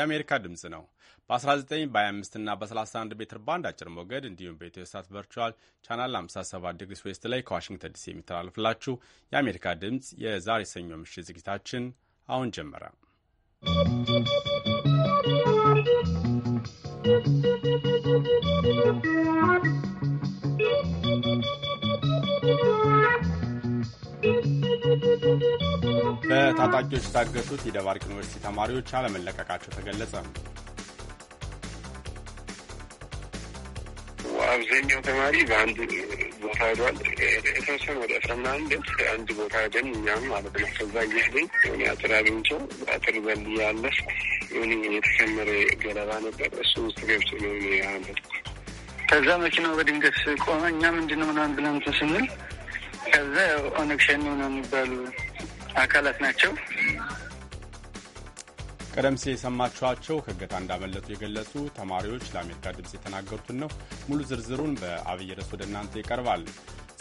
የአሜሪካ ድምፅ ነው። በ19 በ25 እና በ31 ሜትር ባንድ አጭር ሞገድ እንዲሁም በኢትዮሳት ቨርቹዋል ቻናል 57 ዲግሪ ዌስት ላይ ከዋሽንግተን ዲሲ የሚተላለፍላችሁ የአሜሪካ ድምፅ የዛሬ ሰኞ ምሽት ዝግጅታችን አሁን ጀመረ። በታጣቂዎች የታገቱት የደባርቅ ዩኒቨርሲቲ ተማሪዎች አለመለቀቃቸው ተገለጸ። አብዛኛው ተማሪ በአንድ ቦታ ሄዷል። የተወሰነ ወደ አስራ ምናምን ደስ አንድ ቦታ ሄደን እኛም ማለት ነው። ከዛ እየሄድን የሆነ አጥር አግኝቼው አጥር በል ያለፍ የሆነ የተከመረ ገለባ ነበር። እሱ ውስጥ ገብቶ ነው ያለት። ከዛ መኪናው በድንገት ቆመ። እኛ ምንድን ነው ምናምን ብለን ስንል ከዛ ኦነግ ሸኔ ነው የሚባሉ አካላት ናቸው። ቀደም ሲል የሰማችኋቸው ከእገታ እንዳመለጡ የገለጹ ተማሪዎች ለአሜሪካ ድምፅ የተናገሩትን ነው። ሙሉ ዝርዝሩን በአብይ ርዕስ ወደ እናንተ ይቀርባል።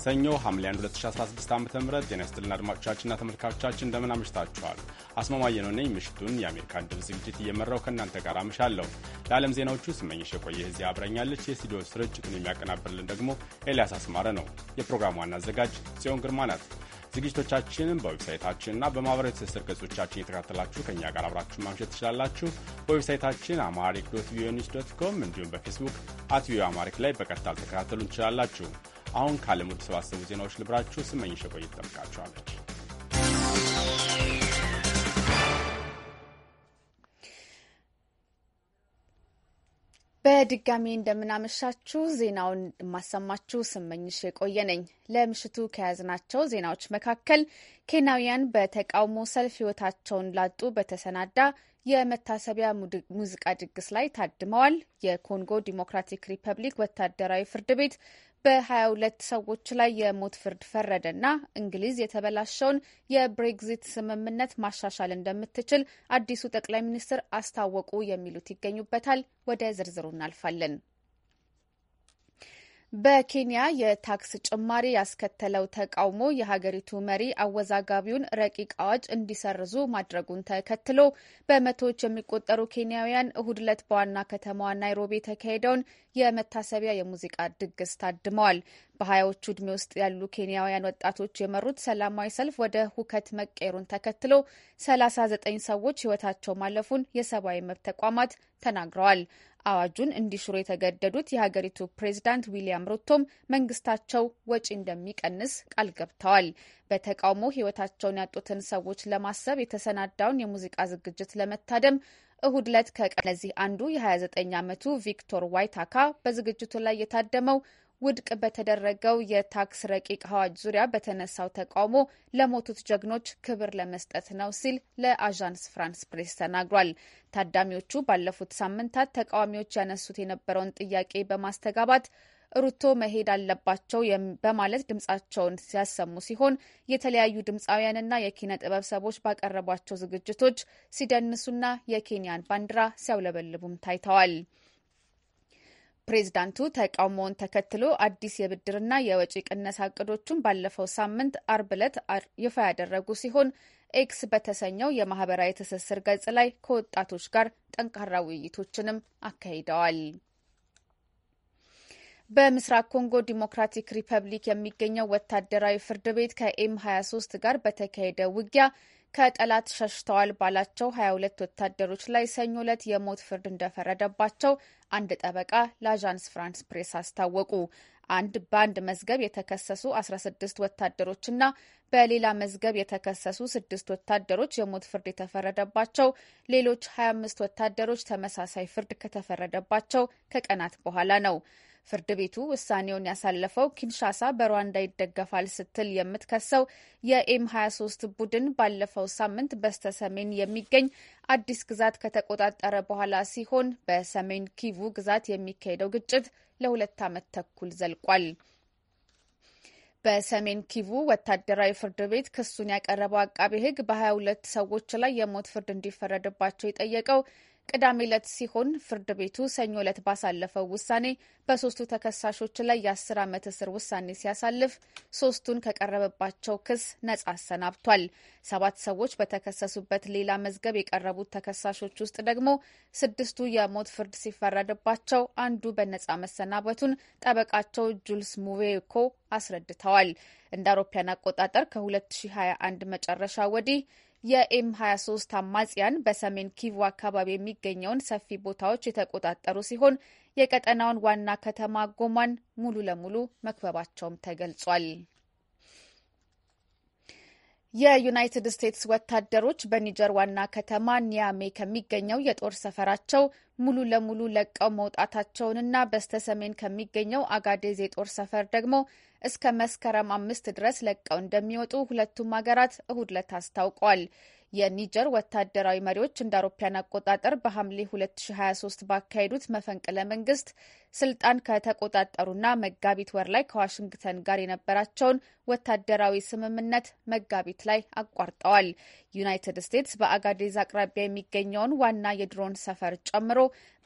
ሰኞ ሐምሌ 1 2016 ዓ ም ጤና ይስጥልን አድማጮቻችንና ተመልካቾቻችን እንደምን አምሽታችኋል። አስማማየ ነው ነኝ። ምሽቱን የአሜሪካን ድምፅ ዝግጅት እየመራው ከእናንተ ጋር አምሻለሁ። ለዓለም ዜናዎቹ ስመኝሽ የቆየ እዚህ አብረኛለች። የስቱዲዮ ስርጭቱን የሚያቀናብርልን ደግሞ ኤልያስ አስማረ ነው። የፕሮግራሙ ዋና አዘጋጅ ጽዮን ግርማ ናት። ዝግጅቶቻችንን በዌብሳይታችንና በማህበራዊ ትስስር ገጾቻችን የተካተላችሁ ከእኛ ጋር አብራችሁ ማምሸት ትችላላችሁ። በዌብሳይታችን አማሪክ ዶት ቪኦኤ ኒውስ ዶት ኮም እንዲሁም በፌስቡክ አት ቪኦኤ አማሪክ ላይ በቀጥታ ልትከታተሉን ትችላላችሁ። አሁን ከዓለም የተሰባሰቡ ዜናዎች ልብራችሁ ስመኝሽ ቆይ ትጠብቃችኋለች። በድጋሚ እንደምናመሻችሁ ዜናውን የማሰማችሁ ስመኝሽ የቆየ ነኝ። ለምሽቱ ከያዝናቸው ዜናዎች መካከል ኬንያውያን በተቃውሞ ሰልፍ ሕይወታቸውን ላጡ በተሰናዳ የመታሰቢያ ሙዚቃ ድግስ ላይ ታድመዋል። የኮንጎ ዲሞክራቲክ ሪፐብሊክ ወታደራዊ ፍርድ ቤት በ22 ሰዎች ላይ የሞት ፍርድ ፈረደና እንግሊዝ የተበላሸውን የብሬግዚት ስምምነት ማሻሻል እንደምትችል አዲሱ ጠቅላይ ሚኒስትር አስታወቁ የሚሉት ይገኙበታል። ወደ ዝርዝሩ እናልፋለን። በኬንያ የታክስ ጭማሪ ያስከተለው ተቃውሞ የሀገሪቱ መሪ አወዛጋቢውን ረቂቅ አዋጅ እንዲሰርዙ ማድረጉን ተከትሎ በመቶዎች የሚቆጠሩ ኬንያውያን እሁድ ዕለት በዋና ከተማዋ ናይሮቢ የተካሄደውን የመታሰቢያ የሙዚቃ ድግስ ታድመዋል። በሀያዎቹ ዕድሜ ውስጥ ያሉ ኬንያውያን ወጣቶች የመሩት ሰላማዊ ሰልፍ ወደ ሁከት መቀየሩን ተከትሎ 39 ሰዎች ሕይወታቸው ማለፉን የሰብአዊ መብት ተቋማት ተናግረዋል። አዋጁን እንዲሽሩ የተገደዱት የሀገሪቱ ፕሬዚዳንት ዊሊያም ሩቶም መንግስታቸው ወጪ እንደሚቀንስ ቃል ገብተዋል። በተቃውሞ ህይወታቸውን ያጡትን ሰዎች ለማሰብ የተሰናዳውን የሙዚቃ ዝግጅት ለመታደም እሁድ ዕለት ከቀለዚህ አንዱ የ29 ዓመቱ ቪክቶር ዋይታካ በዝግጅቱ ላይ የታደመው ውድቅ በተደረገው የታክስ ረቂቅ አዋጅ ዙሪያ በተነሳው ተቃውሞ ለሞቱት ጀግኖች ክብር ለመስጠት ነው ሲል ለአዣንስ ፍራንስ ፕሬስ ተናግሯል። ታዳሚዎቹ ባለፉት ሳምንታት ተቃዋሚዎች ያነሱት የነበረውን ጥያቄ በማስተጋባት ሩቶ መሄድ አለባቸው በማለት ድምጻቸውን ሲያሰሙ ሲሆን የተለያዩ ድምፃውያንና የኪነ ጥበብ ሰዎች ባቀረቧቸው ዝግጅቶች ሲደንሱና የኬንያን ባንዲራ ሲያውለበልቡም ታይተዋል። ፕሬዚዳንቱ ተቃውሞውን ተከትሎ አዲስ የብድርና የወጪ ቅነሳ እቅዶቹን ባለፈው ሳምንት አርብ ዕለት ይፋ ያደረጉ ሲሆን ኤክስ በተሰኘው የማህበራዊ ትስስር ገጽ ላይ ከወጣቶች ጋር ጠንካራ ውይይቶችንም አካሂደዋል። በምስራቅ ኮንጎ ዲሞክራቲክ ሪፐብሊክ የሚገኘው ወታደራዊ ፍርድ ቤት ከኤም 23 ጋር በተካሄደ ውጊያ ከጠላት ሸሽተዋል ባላቸው 22 ወታደሮች ላይ ሰኞ ዕለት የሞት ፍርድ እንደፈረደባቸው አንድ ጠበቃ ለአዣንስ ፍራንስ ፕሬስ አስታወቁ። አንድ በአንድ መዝገብ የተከሰሱ 16 ወታደሮችና በሌላ መዝገብ የተከሰሱ ስድስት ወታደሮች የሞት ፍርድ የተፈረደባቸው ሌሎች 25 ወታደሮች ተመሳሳይ ፍርድ ከተፈረደባቸው ከቀናት በኋላ ነው። ፍርድ ቤቱ ውሳኔውን ያሳለፈው ኪንሻሳ በሩዋንዳ ይደገፋል ስትል የምትከሰው የኤም 23 ቡድን ባለፈው ሳምንት በስተ ሰሜን የሚገኝ አዲስ ግዛት ከተቆጣጠረ በኋላ ሲሆን በሰሜን ኪቩ ግዛት የሚካሄደው ግጭት ለሁለት ዓመት ተኩል ዘልቋል። በሰሜን ኪቡ ወታደራዊ ፍርድ ቤት ክሱን ያቀረበው አቃቤ ሕግ በ22 ሰዎች ላይ የሞት ፍርድ እንዲፈረድባቸው የጠየቀው ቅዳሜ ዕለት ሲሆን ፍርድ ቤቱ ሰኞ ዕለት ባሳለፈው ውሳኔ በሶስቱ ተከሳሾች ላይ የአስር ዓመት እስር ውሳኔ ሲያሳልፍ ሶስቱን ከቀረበባቸው ክስ ነጻ አሰናብቷል። ሰባት ሰዎች በተከሰሱበት ሌላ መዝገብ የቀረቡት ተከሳሾች ውስጥ ደግሞ ስድስቱ የሞት ፍርድ ሲፈረድባቸው አንዱ በነጻ መሰናበቱን ጠበቃቸው ጁልስ ሙቬኮ አስረድተዋል። እንደ አውሮፓያን አቆጣጠር ከ2021 መጨረሻ ወዲህ የኤም 23 አማጽያን በሰሜን ኪቮ አካባቢ የሚገኘውን ሰፊ ቦታዎች የተቆጣጠሩ ሲሆን የቀጠናውን ዋና ከተማ ጎማን ሙሉ ለሙሉ መክበባቸውም ተገልጿል። የዩናይትድ ስቴትስ ወታደሮች በኒጀር ዋና ከተማ ኒያሜ ከሚገኘው የጦር ሰፈራቸው ሙሉ ለሙሉ ለቀው መውጣታቸውንና በስተሰሜን ከሚገኘው አጋዴዝ የጦር ሰፈር ደግሞ እስከ መስከረም አምስት ድረስ ለቀው እንደሚወጡ ሁለቱም ሀገራት እሁድ ዕለት አስታውቀዋል። የኒጀር ወታደራዊ መሪዎች እንደ አውሮፓያን አቆጣጠር በሐምሌ 2023 ባካሄዱት መፈንቅለ መንግስት ስልጣን ከተቆጣጠሩና መጋቢት ወር ላይ ከዋሽንግተን ጋር የነበራቸውን ወታደራዊ ስምምነት መጋቢት ላይ አቋርጠዋል። ዩናይትድ ስቴትስ በአጋዴዝ አቅራቢያ የሚገኘውን ዋና የድሮን ሰፈር ጨምሮ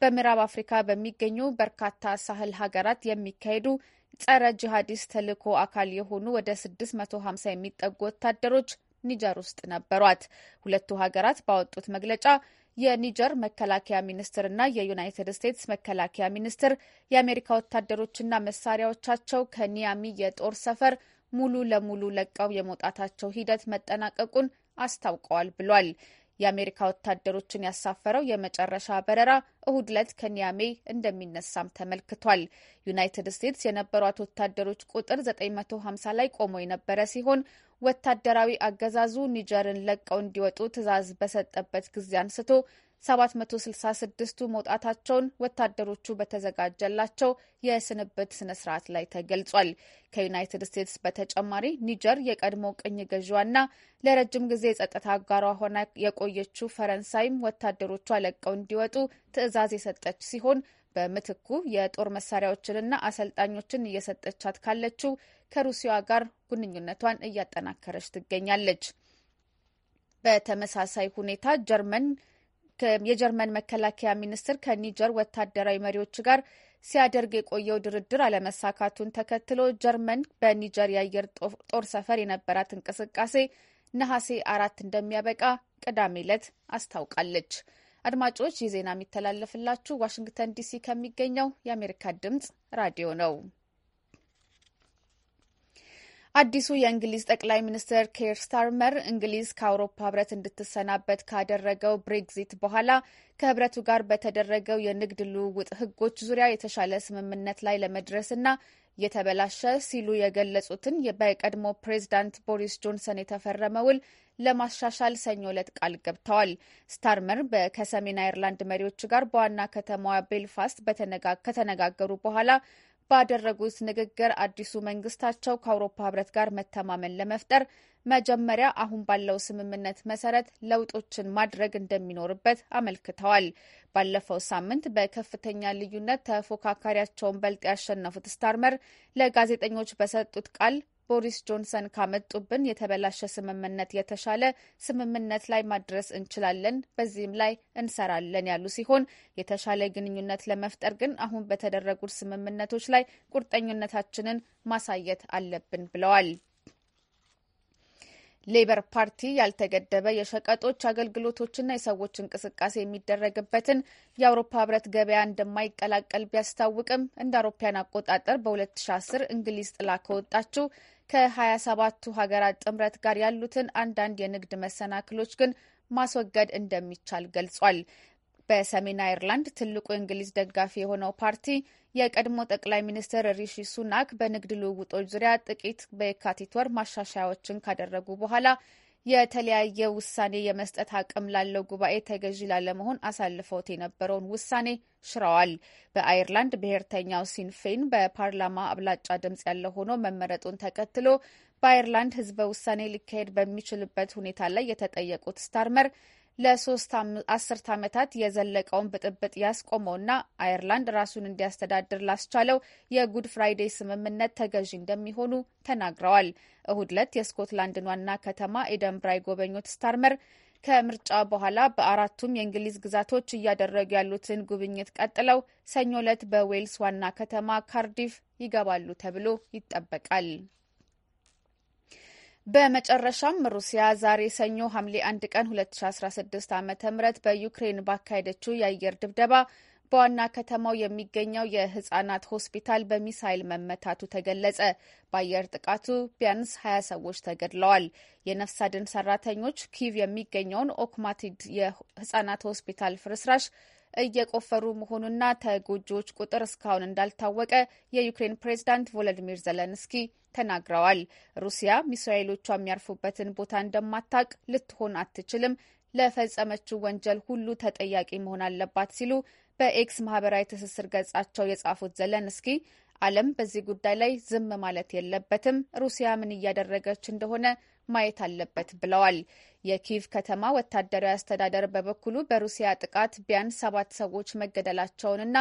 በምዕራብ አፍሪካ በሚገኙ በርካታ ሳህል ሀገራት የሚካሄዱ ጸረ ጂሃዲስት ተልዕኮ አካል የሆኑ ወደ 650 የሚጠጉ ወታደሮች ኒጀር ውስጥ ነበሯት። ሁለቱ ሀገራት ባወጡት መግለጫ የኒጀር መከላከያ ሚኒስትርና የዩናይትድ ስቴትስ መከላከያ ሚኒስትር የአሜሪካ ወታደሮችና መሳሪያዎቻቸው ከኒያሚ የጦር ሰፈር ሙሉ ለሙሉ ለቀው የመውጣታቸው ሂደት መጠናቀቁን አስታውቀዋል ብሏል። የአሜሪካ ወታደሮችን ያሳፈረው የመጨረሻ በረራ እሁድ ዕለት ከኒያሜ እንደሚነሳም ተመልክቷል። ዩናይትድ ስቴትስ የነበሯት ወታደሮች ቁጥር 950 ላይ ቆሞ የነበረ ሲሆን ወታደራዊ አገዛዙ ኒጀርን ለቀው እንዲወጡ ትዕዛዝ በሰጠበት ጊዜ አንስቶ 766ቱ መውጣታቸውን ወታደሮቹ በተዘጋጀላቸው የስንብት ስነ ስርዓት ላይ ተገልጿል። ከዩናይትድ ስቴትስ በተጨማሪ ኒጀር የቀድሞ ቅኝ ገዢዋና ለረጅም ጊዜ የጸጥታ አጋሯ ሆና የቆየችው ፈረንሳይም ወታደሮቿ ለቀው እንዲወጡ ትዕዛዝ የሰጠች ሲሆን በምትኩ የጦር መሳሪያዎችንና አሰልጣኞችን እየሰጠቻት ካለችው ከሩሲያ ጋር ግንኙነቷን እያጠናከረች ትገኛለች። በተመሳሳይ ሁኔታ ጀርመን የጀርመን መከላከያ ሚኒስትር ከኒጀር ወታደራዊ መሪዎች ጋር ሲያደርግ የቆየው ድርድር አለመሳካቱን ተከትሎ ጀርመን በኒጀር የአየር ጦር ሰፈር የነበራት እንቅስቃሴ ነሐሴ አራት እንደሚያበቃ ቅዳሜ ዕለት አስታውቃለች። አድማጮች ይህ ዜና የሚተላለፍላችሁ ዋሽንግተን ዲሲ ከሚገኘው የአሜሪካ ድምጽ ራዲዮ ነው። አዲሱ የእንግሊዝ ጠቅላይ ሚኒስትር ኬር ስታርመር እንግሊዝ ከአውሮፓ ህብረት እንድትሰናበት ካደረገው ብሬግዚት በኋላ ከህብረቱ ጋር በተደረገው የንግድ ልውውጥ ህጎች ዙሪያ የተሻለ ስምምነት ላይ ለመድረስና የተበላሸ ሲሉ የገለጹትን በቀድሞ ፕሬዚዳንት ቦሪስ ጆንሰን የተፈረመ ውል ለማሻሻል ሰኞ ዕለት ቃል ገብተዋል። ስታርመር ከሰሜን አይርላንድ መሪዎች ጋር በዋና ከተማዋ ቤልፋስት ከተነጋገሩ በኋላ ባደረጉት ንግግር አዲሱ መንግስታቸው ከአውሮፓ ህብረት ጋር መተማመን ለመፍጠር መጀመሪያ አሁን ባለው ስምምነት መሰረት ለውጦችን ማድረግ እንደሚኖርበት አመልክተዋል። ባለፈው ሳምንት በከፍተኛ ልዩነት ተፎካካሪያቸውን በልጥ ያሸነፉት ስታርመር ለጋዜጠኞች በሰጡት ቃል ቦሪስ ጆንሰን ካመጡብን የተበላሸ ስምምነት የተሻለ ስምምነት ላይ ማድረስ እንችላለን፣ በዚህም ላይ እንሰራለን ያሉ ሲሆን የተሻለ ግንኙነት ለመፍጠር ግን አሁን በተደረጉት ስምምነቶች ላይ ቁርጠኝነታችንን ማሳየት አለብን ብለዋል። ሌበር ፓርቲ ያልተገደበ የሸቀጦች አገልግሎቶችና የሰዎች እንቅስቃሴ የሚደረግበትን የአውሮፓ ህብረት ገበያ እንደማይቀላቀል ቢያስታውቅም እንደ አውሮፓያን አቆጣጠር በ2010 እንግሊዝ ጥላ ከወጣችው ከ27ቱ ሀገራት ጥምረት ጋር ያሉትን አንዳንድ የንግድ መሰናክሎች ግን ማስወገድ እንደሚቻል ገልጿል። በሰሜን አይርላንድ ትልቁ የእንግሊዝ ደጋፊ የሆነው ፓርቲ የቀድሞ ጠቅላይ ሚኒስትር ሪሺ ሱናክ በንግድ ልውውጦች ዙሪያ ጥቂት በየካቲት ወር ማሻሻያዎችን ካደረጉ በኋላ የተለያየ ውሳኔ የመስጠት አቅም ላለው ጉባኤ ተገዢ ላለመሆን አሳልፈውት የነበረውን ውሳኔ ሽረዋል። በአይርላንድ ብሔርተኛው ሲንፌን በፓርላማ አብላጫ ድምጽ ያለው ሆኖ መመረጡን ተከትሎ በአይርላንድ ህዝበ ውሳኔ ሊካሄድ በሚችልበት ሁኔታ ላይ የተጠየቁት ስታርመር ለሶስት አስርት ዓመታት የዘለቀውን ብጥብጥ ያስቆመውና አየርላንድ ራሱን እንዲያስተዳድር ላስቻለው የጉድ ፍራይዴይ ስምምነት ተገዢ እንደሚሆኑ ተናግረዋል። እሁድ ዕለት የስኮትላንድን ዋና ከተማ ኤደንብራ የጎበኙት ስታርመር ከምርጫ በኋላ በአራቱም የእንግሊዝ ግዛቶች እያደረጉ ያሉትን ጉብኝት ቀጥለው ሰኞ ዕለት በዌልስ ዋና ከተማ ካርዲፍ ይገባሉ ተብሎ ይጠበቃል። በመጨረሻም ሩሲያ ዛሬ ሰኞ ሐምሌ 1 ቀን 2016 ዓ ም በዩክሬን ባካሄደችው የአየር ድብደባ በዋና ከተማው የሚገኘው የህጻናት ሆስፒታል በሚሳይል መመታቱ ተገለጸ። በአየር ጥቃቱ ቢያንስ ሀያ ሰዎች ተገድለዋል። የነፍስ አድን ሰራተኞች ኪቭ የሚገኘውን ኦክማቲድ የህጻናት ሆስፒታል ፍርስራሽ እየቆፈሩ መሆኑና ተጎጂዎች ቁጥር እስካሁን እንዳልታወቀ የዩክሬን ፕሬዝዳንት ቮሎዲሚር ዘለንስኪ ተናግረዋል። ሩሲያ ሚሳኤሎቿ የሚያርፉበትን ቦታ እንደማታቅ ልትሆን አትችልም፣ ለፈጸመችው ወንጀል ሁሉ ተጠያቂ መሆን አለባት ሲሉ በኤክስ ማህበራዊ ትስስር ገጻቸው የጻፉት ዘለንስኪ ዓለም በዚህ ጉዳይ ላይ ዝም ማለት የለበትም፣ ሩሲያ ምን እያደረገች እንደሆነ ማየት አለበት ብለዋል። የኪቭ ከተማ ወታደራዊ አስተዳደር በበኩሉ በሩሲያ ጥቃት ቢያንስ ሰባት ሰዎች መገደላቸውንና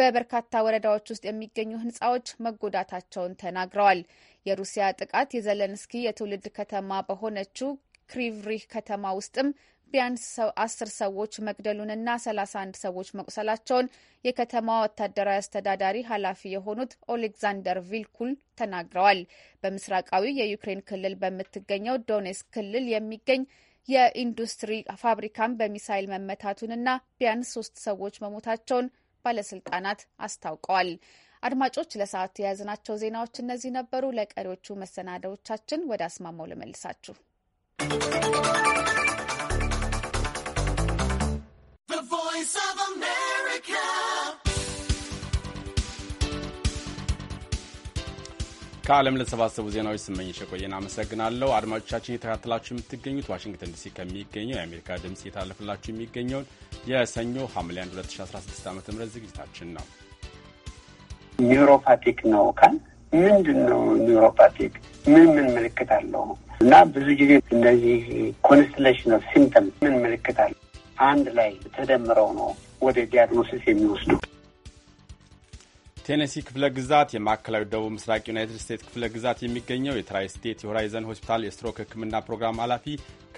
በበርካታ ወረዳዎች ውስጥ የሚገኙ ህንፃዎች መጎዳታቸውን ተናግረዋል። የሩሲያ ጥቃት የዘለንስኪ የትውልድ ከተማ በሆነችው ክሪቭሪህ ከተማ ውስጥም ቢያንስ አስር ሰዎች መግደሉንና ሰላሳ አንድ ሰዎች መቁሰላቸውን የከተማዋ ወታደራዊ አስተዳዳሪ ኃላፊ የሆኑት ኦሌግዛንደር ቪልኩል ተናግረዋል። በምስራቃዊ የዩክሬን ክልል በምትገኘው ዶኔስክ ክልል የሚገኝ የኢንዱስትሪ ፋብሪካም በሚሳይል መመታቱንና ቢያንስ ሶስት ሰዎች መሞታቸውን ባለስልጣናት አስታውቀዋል። አድማጮች ለሰዓቱ የያዝናቸው ዜናዎች እነዚህ ነበሩ። ለቀሪዎቹ መሰናዳዎቻችን ወደ አስማማው ልመልሳችሁ። ከዓለም ለተሰባሰቡ ዜናዎች ስመኝሽ ቆየን አመሰግናለሁ። አድማጮቻችን እየተከታተላችሁ የምትገኙት ዋሽንግተን ዲሲ ከሚገኘው የአሜሪካ ድምፅ እየተላለፈላችሁ የሚገኘውን የሰኞ ሐምሌ 1 2016 ዓ ም ዝግጅታችን ነው። ኒውሮፓቲክ ነው ካል ምንድን ነው ኒውሮፓቲክ? ምን ምን ምልክት አለው? እና ብዙ ጊዜ እነዚህ ኮንስትሌሽን ኦፍ ሲምፕተም ምን ምልክት አለው አንድ ላይ ተደምረው ነው ወደ ዲያግኖሲስ የሚወስዱ ቴኔሲ ክፍለ ግዛት የማዕከላዊ ደቡብ ምስራቅ ዩናይትድ ስቴትስ ክፍለ ግዛት የሚገኘው የትራይ ስቴት የሆራይዘን ሆስፒታል የስትሮክ ሕክምና ፕሮግራም ኃላፊ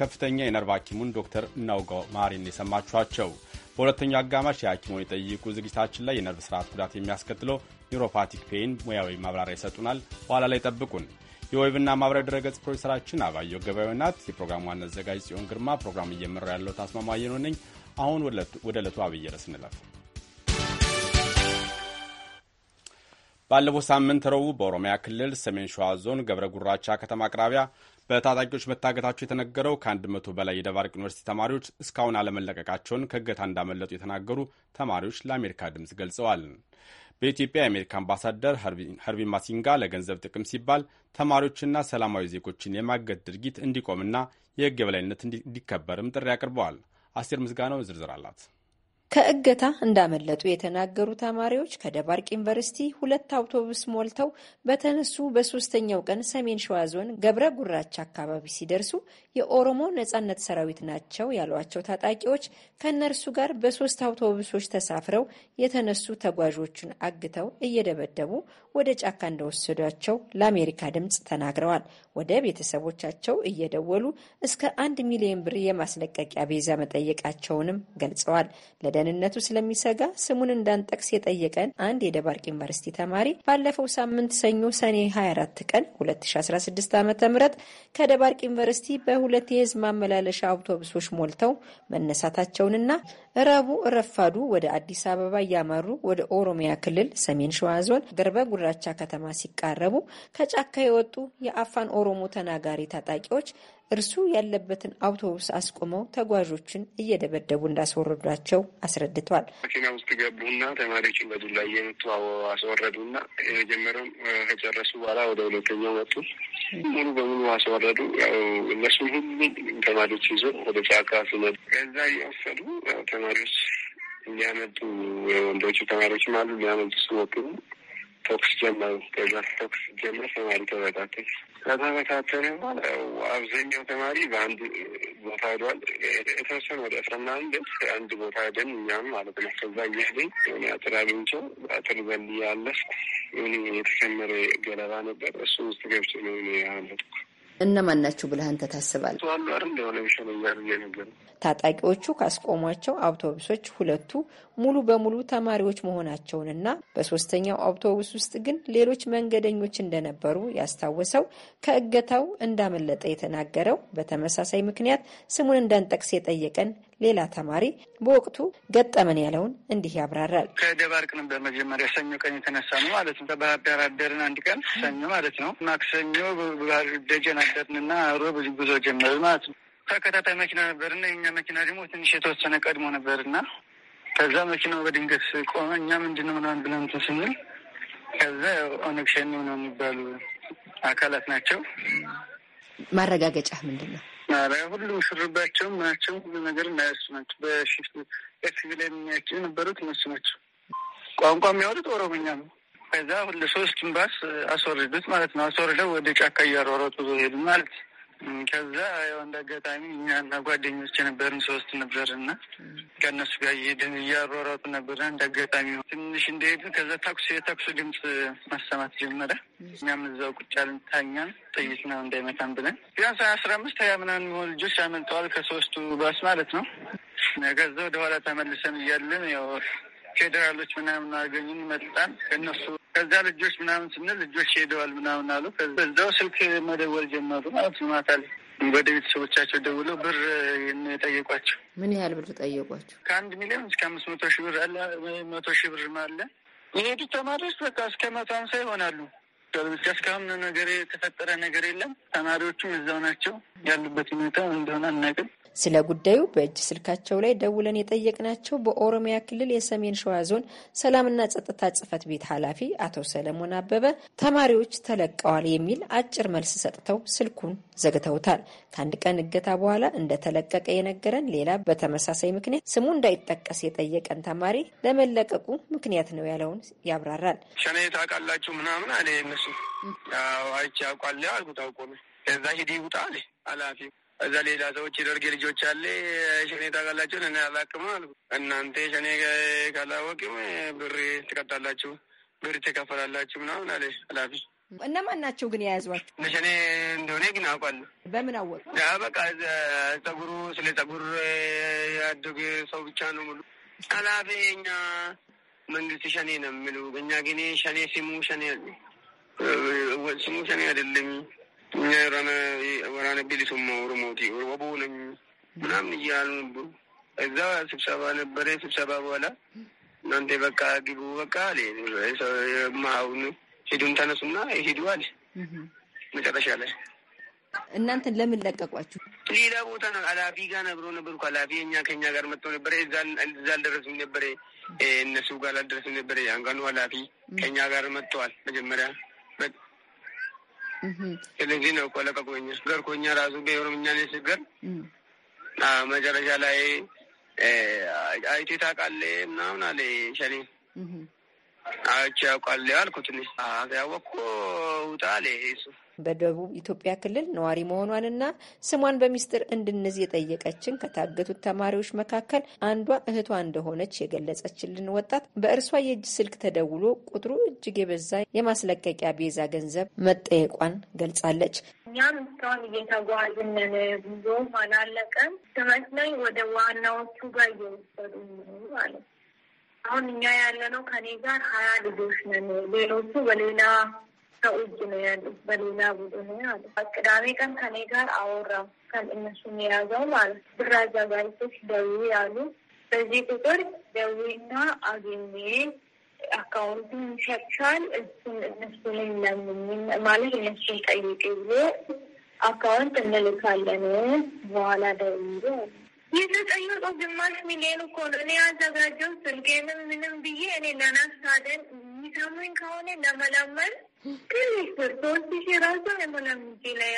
ከፍተኛ የነርቭ ሐኪሙን ዶክተር ናውጋ ማሪን የሰማችኋቸው። በሁለተኛው አጋማሽ የሐኪሙን የጠይቁ ዝግጅታችን ላይ የነርቭ ስርዓት ጉዳት የሚያስከትለው ኒውሮፓቲክ ፔይን ሙያዊ ማብራሪያ ይሰጡናል። በኋላ ላይ ጠብቁን። የዌብና ማብሪያ ድረገጽ ፕሮፌሰራችን አባየሁ ገበያው ናት። የፕሮግራሙ ዋና አዘጋጅ ጽዮን ግርማ፣ ፕሮግራም እየመራ ያለው ታስማማየኖ ነኝ። አሁን ወደ ዕለቱ አብይ ርዕስ እንለፍ። ባለፈው ሳምንት ረቡዕ በኦሮሚያ ክልል ሰሜን ሸዋ ዞን ገብረ ጉራቻ ከተማ አቅራቢያ በታጣቂዎች መታገታቸው የተነገረው ከአንድ መቶ በላይ የደባርቅ ዩኒቨርሲቲ ተማሪዎች እስካሁን አለመለቀቃቸውን ከእገታ እንዳመለጡ የተናገሩ ተማሪዎች ለአሜሪካ ድምፅ ገልጸዋል። በኢትዮጵያ የአሜሪካ አምባሳደር ሀርቪ ማሲንጋ ለገንዘብ ጥቅም ሲባል ተማሪዎችና ሰላማዊ ዜጎችን የማገት ድርጊት እንዲቆምና የሕግ የበላይነት እንዲከበርም ጥሪ አቅርበዋል። አስቴር ምስጋናው ዝርዝር አላት። ከእገታ እንዳመለጡ የተናገሩ ተማሪዎች ከደባርቅ ዩኒቨርሲቲ ሁለት አውቶቡስ ሞልተው በተነሱ በሶስተኛው ቀን ሰሜን ሸዋ ዞን ገብረ ጉራቻ አካባቢ ሲደርሱ የኦሮሞ ነጻነት ሰራዊት ናቸው ያሏቸው ታጣቂዎች ከእነርሱ ጋር በሶስት አውቶቡሶች ተሳፍረው የተነሱ ተጓዦቹን አግተው እየደበደቡ ወደ ጫካ እንደወሰዷቸው ለአሜሪካ ድምፅ ተናግረዋል። ወደ ቤተሰቦቻቸው እየደወሉ እስከ አንድ ሚሊዮን ብር የማስለቀቂያ ቤዛ መጠየቃቸውንም ገልጸዋል። ለደህንነቱ ስለሚሰጋ ስሙን እንዳንጠቅስ የጠየቀን አንድ የደባርቅ ዩኒቨርሲቲ ተማሪ ባለፈው ሳምንት ሰኞ ሰኔ 24 ቀን 2016 ዓ ም ከደባርቅ ዩኒቨርሲቲ በሁለት የህዝብ ማመላለሻ አውቶቡሶች ሞልተው መነሳታቸውንና ረቡ ረፋዱ ወደ አዲስ አበባ እያመሩ ወደ ኦሮሚያ ክልል ሰሜን ሸዋ ዞን ገርበ ጉራቻ ከተማ ሲቃረቡ ከጫካ የወጡ የአፋን ኦሮሞ ተናጋሪ ታጣቂዎች እርሱ ያለበትን አውቶቡስ አስቆመው ተጓዦችን እየደበደቡ እንዳስወረዷቸው አስረድቷል። መኪና ውስጥ ገቡና ተማሪዎችን በዱላ እየመቱ አስወረዱና የመጀመሪያውን ከጨረሱ በኋላ ወደ ሁለተኛው መጡ። ሙሉ በሙሉ አስወረዱ። እነሱ ሁሉ ሁሉም ተማሪዎች ይዞ ወደ ጫካ ሲመጡ ከዛ እየወሰዱ ተማሪዎች ሊያመጡ ወንዶቹ ተማሪዎችም አሉ ሊያመጡ ሲሞክሩ ተኩስ ጀመሩ። ከዛ ተኩስ ጀምሮ ተማሪ ተበታተች። ከተፈታተን እንኳን አብዛኛው ተማሪ በአንድ ቦታ ሄዷል። የተወሰነ ወደ አስራ ምናምን ደስ አንድ ቦታ ሄደን እኛም ማለት ነው። ከዛ እያሄደኝ ሆነ አጥር አግኝቼው አጥር በል ያለፍኩ የሆነ የተከመረ ገለባ ነበር። እሱ ውስጥ ገብቼ ነው ያመጥኩ። እነማን ናችሁ ብለህን ተታስባል? ዋሉ አይደል የሆነ ሸነኛ ነበር ታጣቂዎቹ ካስቆሟቸው አውቶቡሶች ሁለቱ ሙሉ በሙሉ ተማሪዎች መሆናቸውንና በሶስተኛው አውቶቡስ ውስጥ ግን ሌሎች መንገደኞች እንደነበሩ ያስታወሰው ከእገታው እንዳመለጠ የተናገረው በተመሳሳይ ምክንያት ስሙን እንዳንጠቅስ የጠየቀን ሌላ ተማሪ በወቅቱ ገጠመን ያለውን እንዲህ ያብራራል። ከደባርቅ ነበር መጀመሪያ ሰኞ ቀን የተነሳ ነው ማለት ነው። በባህርዳር አደርን አንድ ቀን ሰኞ ማለት ነው። ማክሰኞ ደጀን አደርንና ሮብ ጉዞ ጀመር ማለት ነው። ተከታታይ መኪና ነበር እና የኛ መኪና ደግሞ ትንሽ የተወሰነ ቀድሞ ነበር እና ከዛ መኪናው በድንገት ቆመ። እኛ ምንድነው ምናምን ብለን እንትን ስንል ከዛ ኦነግ ሸኔ ነው የሚባሉ አካላት ናቸው። ማረጋገጫ ምንድን ነው? ሁሉም ሽርባቸውም ምናቸውም ሁሉ ነገር እናያሱ ናቸው። በሽፍት ኤክስቪ ላይ የሚያቸው የነበሩት እነሱ ናቸው። ቋንቋ የሚያወሩት ኦሮምኛ ነው። ከዛ ሁሉ ሶስት ባስ አስወርዱት ማለት ነው። አስወርደው ወደ ጫካ እያሯሯጡ ሄዱ ማለት ከዛ ያው እንደ አጋጣሚ እኛና ጓደኞች የነበርን ሶስት ነበር እና ከእነሱ ጋር እየሄድን እያሯሯጡ ነበር። እንደ አጋጣሚ ትንሽ እንደሄድን ከዛ ተኩስ የተኩስ ድምፅ ማሰማት ጀመረ። እኛም እዛው ቁጭ አልን፣ ታኛን። ጥይት ነው እንዳይመታን ብለን ቢያንስ አስራ አምስት ሀያ ምናምን የሚሆኑ ልጆች አመልጠዋል ከሶስቱ ባስ ማለት ነው። ከዛ ወደኋላ ተመልሰን እያለን ያው ፌዴራሎች ምናምን አገኙን፣ መጣን ከእነሱ ከዛ ልጆች ምናምን ስንል ልጆች ሄደዋል ምናምን አሉ። በዛው ስልክ መደወል ጀመሩ ማለት ነው ማታ ወደ ቤተሰቦቻቸው ደውለው ብር የጠየቋቸው። ምን ያህል ብር ጠየቋቸው? ከአንድ ሚሊዮን እስከ አምስት መቶ ሺህ ብር አለ። መቶ ሺህ ብር አለ። የሄዱት ተማሪዎች በቃ እስከ መቶ ሀምሳ ይሆናሉ። እስካሁን ነገር የተፈጠረ ነገር የለም። ተማሪዎቹም እዛው ናቸው። ያሉበት ሁኔታ እንደሆነ አናውቅም። ስለ ጉዳዩ በእጅ ስልካቸው ላይ ደውለን የጠየቅናቸው በኦሮሚያ ክልል የሰሜን ሸዋ ዞን ሰላምና ጸጥታ ጽህፈት ቤት ኃላፊ አቶ ሰለሞን አበበ ተማሪዎች ተለቀዋል የሚል አጭር መልስ ሰጥተው ስልኩን ዘግተውታል። ከአንድ ቀን እገታ በኋላ እንደተለቀቀ የነገረን ሌላ በተመሳሳይ ምክንያት ስሙ እንዳይጠቀስ የጠየቀን ተማሪ ለመለቀቁ ምክንያት ነው ያለውን ያብራራል። ሸኔ ታውቃላችሁ ምናምን አለ እነሱ አይቼ አውቃለሁ አልኩት አውቆ ነው ከዛ ሂድ ይውጣ አለ እዛ ሌላ ሰዎች የደርጌ ልጆች አለ ሸኔ ታውቃላችሁን? እኔ አላቅም አሉ። እናንተ ሸኔ ካላወቅም ብር ትቀጣላችሁ፣ ብር ትከፈላላችሁ ምናምን አለ ኃላፊ። እነማን ናቸው ግን የያዟቸው? ሸኔ እንደሆነ ግን አውቃለሁ። በምን አወቅ? በቃ ጸጉሩ ስለ ጸጉር ያደገ ሰው ብቻ ነው ሙሉ ኃላፊ እኛ መንግስት ሸኔ ነው የሚሉ እኛ ግን ሸኔ ስሙ ሸኔ ስሙ ሸኔ አይደለም ወራነ ቢሊሱማ ኦሮሞቲ ኦቦ ነኝ ምናምን እያሉ ነበሩ። እዛ ስብሰባ ነበረ። ስብሰባ በኋላ እናንተ በቃ ግቡ በቃ አለ ማሁን ሂዱን ተነሱና ሂዱ አለ። መጨረሻ ላይ እናንተን ለምን ለቀቋችሁ? ሌላ ቦታ ነው ኃላፊ ጋር ነብሮ ነበር እኮ እኛ ከኛ ጋር መጥተው ነበረ። እዛ አልደረሱም ነበረ እነሱ ጋር አልደረሱም ነበረ። አንጋኑ ኃላፊ ከኛ ጋር መጥተዋል መጀመሪያ ስለዚህ ነው እኮ ለቀቁኝ። እሱ ኮኛ ራሱ በኦሮምኛ ነው ስገር መጨረሻ ላይ አይቴ ታውቃለህ ምናምን አለ ሸኔ አይቼ ያውቃለሁ አልኩት። ትንሽ ያወቅኩ ውጣ አለ እሱ በደቡብ ኢትዮጵያ ክልል ነዋሪ መሆኗንና ስሟን በሚስጥር እንድንዝ የጠየቀችን ከታገቱት ተማሪዎች መካከል አንዷ እህቷ እንደሆነች የገለጸችልን ወጣት በእርሷ የእጅ ስልክ ተደውሎ ቁጥሩ እጅግ የበዛ የማስለቀቂያ ቤዛ ገንዘብ መጠየቋን ገልጻለች። እኛም እስካሁን እየተጓዝን ጉዞ አላለቀም ስመስለኝ ወደ ዋናዎቹ ጋር እየወሰዱ ማለት አሁን እኛ ያለነው ከኔ ጋር ሀያ ልጆች ነን። ሌሎቹ በሌላ ከውጭ ነው ያሉት በሌላ ቡድን ያሉ። ቅዳሜ ቀን ከኔ ጋር አወራ እነሱን የያዘው ማለት ብር አዘጋጅቶች ደዊ ያሉ። በዚህ ቁጥር ደዊና አግኘ አካውንቱን ይሸጥሻል፣ እሱን እነሱን ለምኝ ማለት እነሱን ጠይቅ ብሎ አካውንት እንልካለን በኋላ ደውዪ የተጠየቀው ግማሽ ሚሊዮን እኮ ነው። እኔ ያዘጋጀው ስልኬንም ምንም ብዬ እኔ ለናሳደን የሚሰሙኝ ከሆነ ለመለመን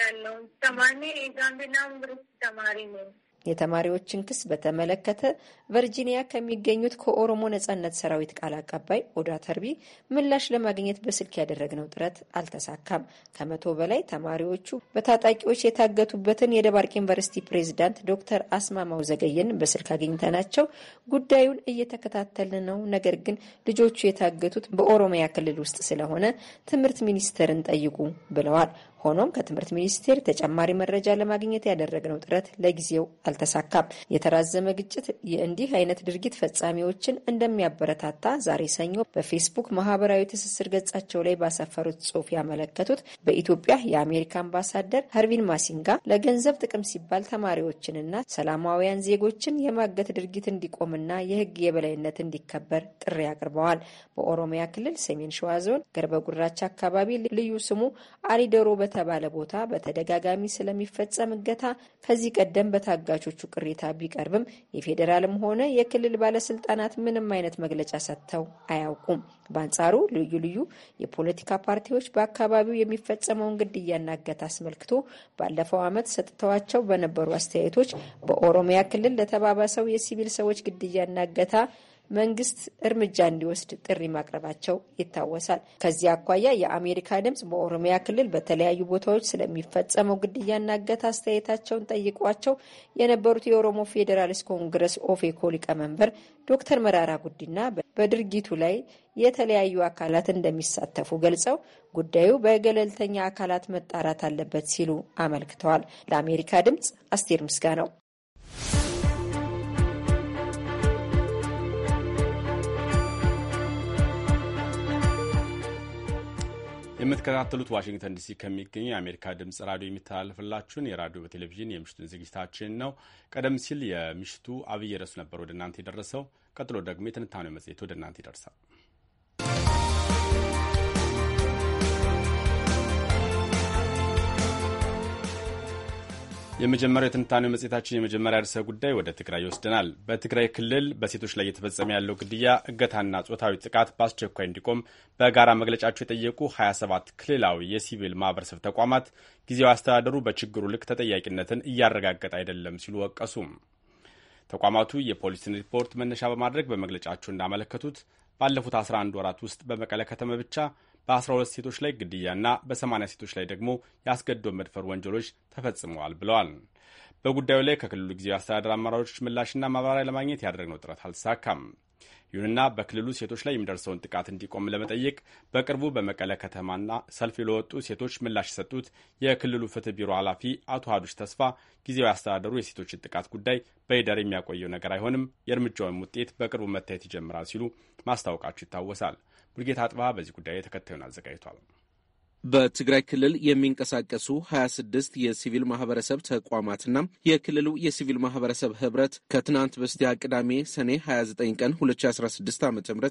ያለው ተማሪ የተማሪዎችን ክስ በተመለከተ ቨርጂኒያ ከሚገኙት ከኦሮሞ ነጻነት ሰራዊት ቃል አቀባይ ኦዳ ተርቢ ምላሽ ለማግኘት በስልክ ያደረግነው ጥረት አልተሳካም። ከመቶ በላይ ተማሪዎቹ በታጣቂዎች የታገቱበትን የደባርቅ ዩኒቨርሲቲ ፕሬዚዳንት ዶክተር አስማማው ዘገየን በስልክ አግኝተናቸው ጉዳዩን እየተከታተልን ነው፣ ነገር ግን ልጆቹ የታገቱት በኦሮሚያ ክልል ውስጥ ስለሆነ ትምህርት ሚኒስቴርን ጠይቁ ብለዋል። ሆኖም ከትምህርት ሚኒስቴር ተጨማሪ መረጃ ለማግኘት ያደረግነው ጥረት ለጊዜው አልተሳካም። የተራዘመ ግጭት እንዲህ አይነት ድርጊት ፈጻሚዎችን እንደሚያበረታታ ዛሬ ሰኞ በፌስቡክ ማህበራዊ ትስስር ገጻቸው ላይ ባሰፈሩት ጽሁፍ ያመለከቱት በኢትዮጵያ የአሜሪካ አምባሳደር ሀርቪን ማሲንጋ ለገንዘብ ጥቅም ሲባል ተማሪዎችንና ሰላማውያን ዜጎችን የማገት ድርጊት እንዲቆምና የህግ የበላይነት እንዲከበር ጥሪ አቅርበዋል። በኦሮሚያ ክልል ሰሜን ሸዋ ዞን ገርበ አካባቢ ልዩ ስሙ አሪደሮ በተባለ ቦታ በተደጋጋሚ ስለሚፈጸም እገታ ከዚህ ቀደም በታጋቾቹ ቅሬታ ቢቀርብም የፌዴራልም ሆነ ሆነ የክልል ባለስልጣናት ምንም አይነት መግለጫ ሰጥተው አያውቁም። በአንጻሩ ልዩ ልዩ የፖለቲካ ፓርቲዎች በአካባቢው የሚፈጸመውን ግድያና እገታ አስመልክቶ ባለፈው ዓመት ሰጥተዋቸው በነበሩ አስተያየቶች በኦሮሚያ ክልል ለተባባሰው የሲቪል ሰዎች ግድያና እገታ መንግስት እርምጃ እንዲወስድ ጥሪ ማቅረባቸው ይታወሳል። ከዚህ አኳያ የአሜሪካ ድምፅ በኦሮሚያ ክልል በተለያዩ ቦታዎች ስለሚፈጸመው ግድያና እገት አስተያየታቸውን ጠይቋቸው የነበሩት የኦሮሞ ፌዴራሊስት ኮንግረስ ኦፌኮ ሊቀመንበር ዶክተር መራራ ጉዲና በድርጊቱ ላይ የተለያዩ አካላት እንደሚሳተፉ ገልጸው ጉዳዩ በገለልተኛ አካላት መጣራት አለበት ሲሉ አመልክተዋል። ለአሜሪካ ድምፅ አስቴር ምስጋ ነው። የምትከታተሉት ዋሽንግተን ዲሲ ከሚገኙ የአሜሪካ ድምጽ ራዲዮ የሚተላለፍላችሁን የራዲዮ በቴሌቪዥን የምሽቱን ዝግጅታችን ነው። ቀደም ሲል የምሽቱ አብይ ርዕስ ነበር ወደ እናንተ የደረሰው። ቀጥሎ ደግሞ የትንታኔው መጽሔት ወደ እናንተ ይደርሳል። የመጀመሪያው የትንታኔ መጽሔታችን የመጀመሪያ ርዕሰ ጉዳይ ወደ ትግራይ ይወስደናል። በትግራይ ክልል በሴቶች ላይ እየተፈጸመ ያለው ግድያ፣ እገታና ጾታዊ ጥቃት በአስቸኳይ እንዲቆም በጋራ መግለጫቸው የጠየቁ 27 ክልላዊ የሲቪል ማህበረሰብ ተቋማት ጊዜያዊ አስተዳደሩ በችግሩ ልክ ተጠያቂነትን እያረጋገጠ አይደለም ሲሉ ወቀሱ። ተቋማቱ የፖሊስን ሪፖርት መነሻ በማድረግ በመግለጫቸው እንዳመለከቱት ባለፉት 11 ወራት ውስጥ በመቀለ ከተማ ብቻ በ12 ሴቶች ላይ ግድያና በ80 ሴቶች ላይ ደግሞ የአስገድዶ መድፈር ወንጀሎች ተፈጽመዋል ብለዋል። በጉዳዩ ላይ ከክልሉ ጊዜያዊ አስተዳደር አመራሮች ምላሽና ማብራሪያ ለማግኘት ያደረግነው ጥረት አልተሳካም። ይሁንና በክልሉ ሴቶች ላይ የሚደርሰውን ጥቃት እንዲቆም ለመጠየቅ በቅርቡ በመቀለ ከተማና ሰልፍ ለወጡ ሴቶች ምላሽ የሰጡት የክልሉ ፍትህ ቢሮ ኃላፊ አቶ ሀዱሽ ተስፋ ጊዜያዊ አስተዳደሩ የሴቶችን ጥቃት ጉዳይ በይደር የሚያቆየው ነገር አይሆንም፣ የእርምጃውን ውጤት በቅርቡ መታየት ይጀምራል ሲሉ ማስታወቃቸው ይታወሳል። ሙልጌታ አጥባ በዚህ ጉዳይ ተከታዩን አዘጋጅቷል። በትግራይ ክልል የሚንቀሳቀሱ 26 የሲቪል ማህበረሰብ ተቋማትና የክልሉ የሲቪል ማህበረሰብ ህብረት ከትናንት በስቲያ ቅዳሜ ሰኔ 29 ቀን 2016 ዓ ም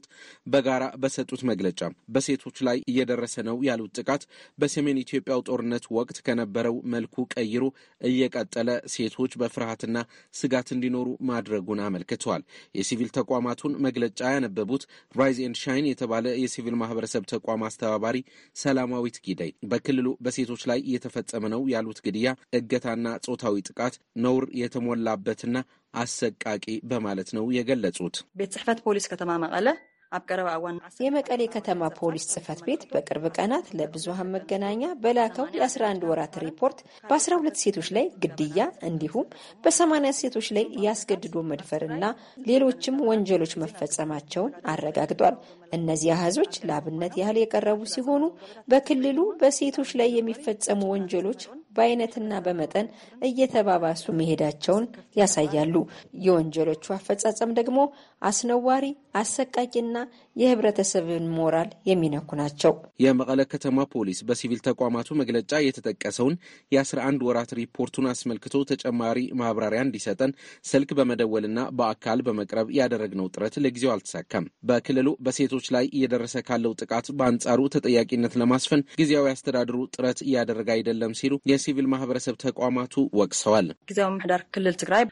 በጋራ በሰጡት መግለጫ በሴቶች ላይ እየደረሰ ነው ያሉት ጥቃት በሰሜን ኢትዮጵያው ጦርነት ወቅት ከነበረው መልኩ ቀይሮ እየቀጠለ ሴቶች በፍርሃትና ስጋት እንዲኖሩ ማድረጉን አመልክተዋል። የሲቪል ተቋማቱን መግለጫ ያነበቡት ራይዝ ኤንድ ሻይን የተባለ የሲቪል ማህበረሰብ ተቋም አስተባባሪ ሰላማዊት ጊደይ በክልሉ በሴቶች ላይ እየተፈጸመ ነው ያሉት ግድያ፣ እገታና ጾታዊ ጥቃት ነውር የተሞላበትና አሰቃቂ በማለት ነው የገለጹት። ቤት ጽሕፈት ፖሊስ ከተማ መቀለ የመቀሌ ከተማ ፖሊስ ጽህፈት ቤት በቅርብ ቀናት ለብዙሃን መገናኛ በላከው የ11 ወራት ሪፖርት በ12 ሴቶች ላይ ግድያ እንዲሁም በ80 ሴቶች ላይ ያስገድዶ ና ሌሎችም ወንጀሎች መፈጸማቸውን አረጋግጧል። እነዚህ አህዞች ለአብነት ያህል የቀረቡ ሲሆኑ በክልሉ በሴቶች ላይ የሚፈጸሙ ወንጀሎች በአይነትና በመጠን እየተባባሱ መሄዳቸውን ያሳያሉ። የወንጀሎቹ አፈጻጸም ደግሞ አስነዋሪ፣ አሰቃቂና የህብረተሰብን ሞራል የሚነኩ ናቸው። የመቀለ ከተማ ፖሊስ በሲቪል ተቋማቱ መግለጫ የተጠቀሰውን የ11 ወራት ሪፖርቱን አስመልክቶ ተጨማሪ ማብራሪያ እንዲሰጠን ስልክ በመደወልና በአካል በመቅረብ ያደረግነው ጥረት ለጊዜው አልተሳካም። በክልሉ በሴቶች ላይ እየደረሰ ካለው ጥቃት በአንጻሩ ተጠያቂነት ለማስፈን ጊዜያዊ አስተዳደሩ ጥረት እያደረገ አይደለም ሲሉ የሲቪል ማህበረሰብ ተቋማቱ ወቅሰዋል። ጊዜያዊ ምህዳር ክልል ትግራይ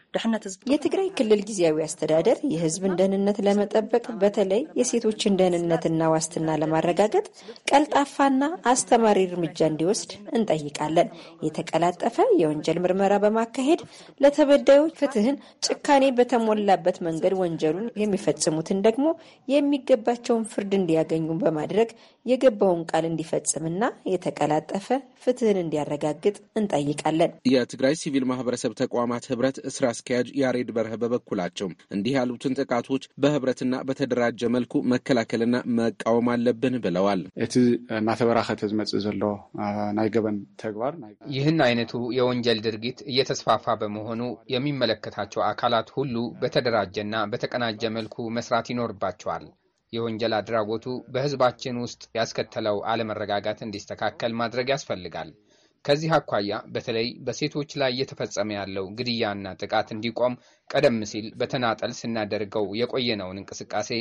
የትግራይ ክልል ጊዜያዊ አስተዳደር የህዝብን ደህንነት ለመጠበቅ በተለይ የሴቶችን ደህንነትና ዋስትና ለማረጋገጥ ቀልጣፋና አስተማሪ እርምጃ እንዲወስድ እንጠይቃለን። የተቀላጠፈ የወንጀል ምርመራ በማካሄድ ለተበዳዮች ፍትህን፣ ጭካኔ በተሞላበት መንገድ ወንጀሉን የሚፈጽሙትን ደግሞ የሚገባቸውን ፍርድ እንዲያገኙ በማድረግ የገባውን ቃል እንዲፈጽምና የተቀላጠፈ ፍትህን እንዲያረጋግጥ እንጠይቃለን። የትግራይ ሲቪል ማህበረሰብ ተቋማት ህብረት ስራ አስኪያጅ ያሬድ በርህ በበኩላቸው እንዲህ ያሉትን ጥቃቶች በህብረትና በተደራጀ መልኩ መልኩ መከላከልና መቃወም አለብን ብለዋል። እቲ እናተበራኸተ ዝመፅእ ዘሎ ናይ ገበን ተግባር ይህን አይነቱ የወንጀል ድርጊት እየተስፋፋ በመሆኑ የሚመለከታቸው አካላት ሁሉ በተደራጀና በተቀናጀ መልኩ መስራት ይኖርባቸዋል። የወንጀል አድራጎቱ በህዝባችን ውስጥ ያስከተለው አለመረጋጋት እንዲስተካከል ማድረግ ያስፈልጋል። ከዚህ አኳያ በተለይ በሴቶች ላይ እየተፈጸመ ያለው ግድያና ጥቃት እንዲቆም ቀደም ሲል በተናጠል ስናደርገው የቆየነውን እንቅስቃሴ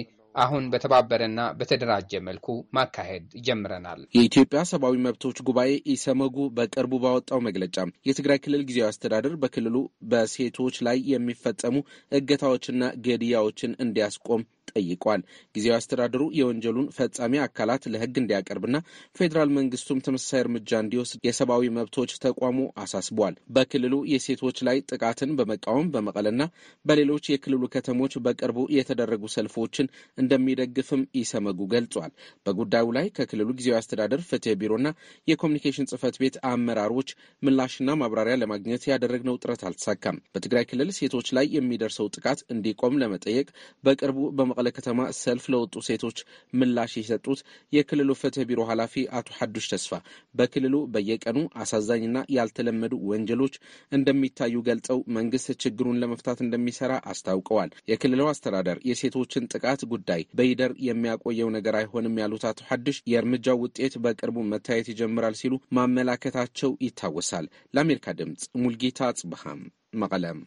አሁን በተባበረና በተደራጀ መልኩ ማካሄድ ጀምረናል። የኢትዮጵያ ሰብአዊ መብቶች ጉባኤ ኢሰመጉ በቅርቡ ባወጣው መግለጫ የትግራይ ክልል ጊዜያዊ አስተዳደር በክልሉ በሴቶች ላይ የሚፈጸሙ እገታዎችና ግድያዎችን እንዲያስቆም ጠይቋል። ጊዜያዊ አስተዳደሩ የወንጀሉን ፈጻሚ አካላት ለሕግ እንዲያቀርብና ፌዴራል መንግስቱም ተመሳሳይ እርምጃ እንዲወስድ የሰብአዊ መብቶች ተቋሙ አሳስቧል። በክልሉ የሴቶች ላይ ጥቃትን በመቃወም በመቀለና በሌሎች የክልሉ ከተሞች በቅርቡ የተደረጉ ሰልፎችን እንደሚደግፍም ኢሰመጉ ገልጿል። በጉዳዩ ላይ ከክልሉ ጊዜያዊ አስተዳደር ፍትህ ቢሮና የኮሚኒኬሽን ጽህፈት ቤት አመራሮች ምላሽና ማብራሪያ ለማግኘት ያደረግነው ጥረት አልተሳካም። በትግራይ ክልል ሴቶች ላይ የሚደርሰው ጥቃት እንዲቆም ለመጠየቅ በቅርቡ በመ በመቀለ ከተማ ሰልፍ ለወጡ ሴቶች ምላሽ የሰጡት የክልሉ ፍትህ ቢሮ ኃላፊ አቶ ሐዱሽ ተስፋ በክልሉ በየቀኑ አሳዛኝና ያልተለመዱ ወንጀሎች እንደሚታዩ ገልጸው መንግስት ችግሩን ለመፍታት እንደሚሰራ አስታውቀዋል። የክልሉ አስተዳደር የሴቶችን ጥቃት ጉዳይ በይደር የሚያቆየው ነገር አይሆንም ያሉት አቶ ሐዱሽ የእርምጃው ውጤት በቅርቡ መታየት ይጀምራል ሲሉ ማመላከታቸው ይታወሳል። ለአሜሪካ ድምጽ ሙልጌታ አጽብሃም መቀለም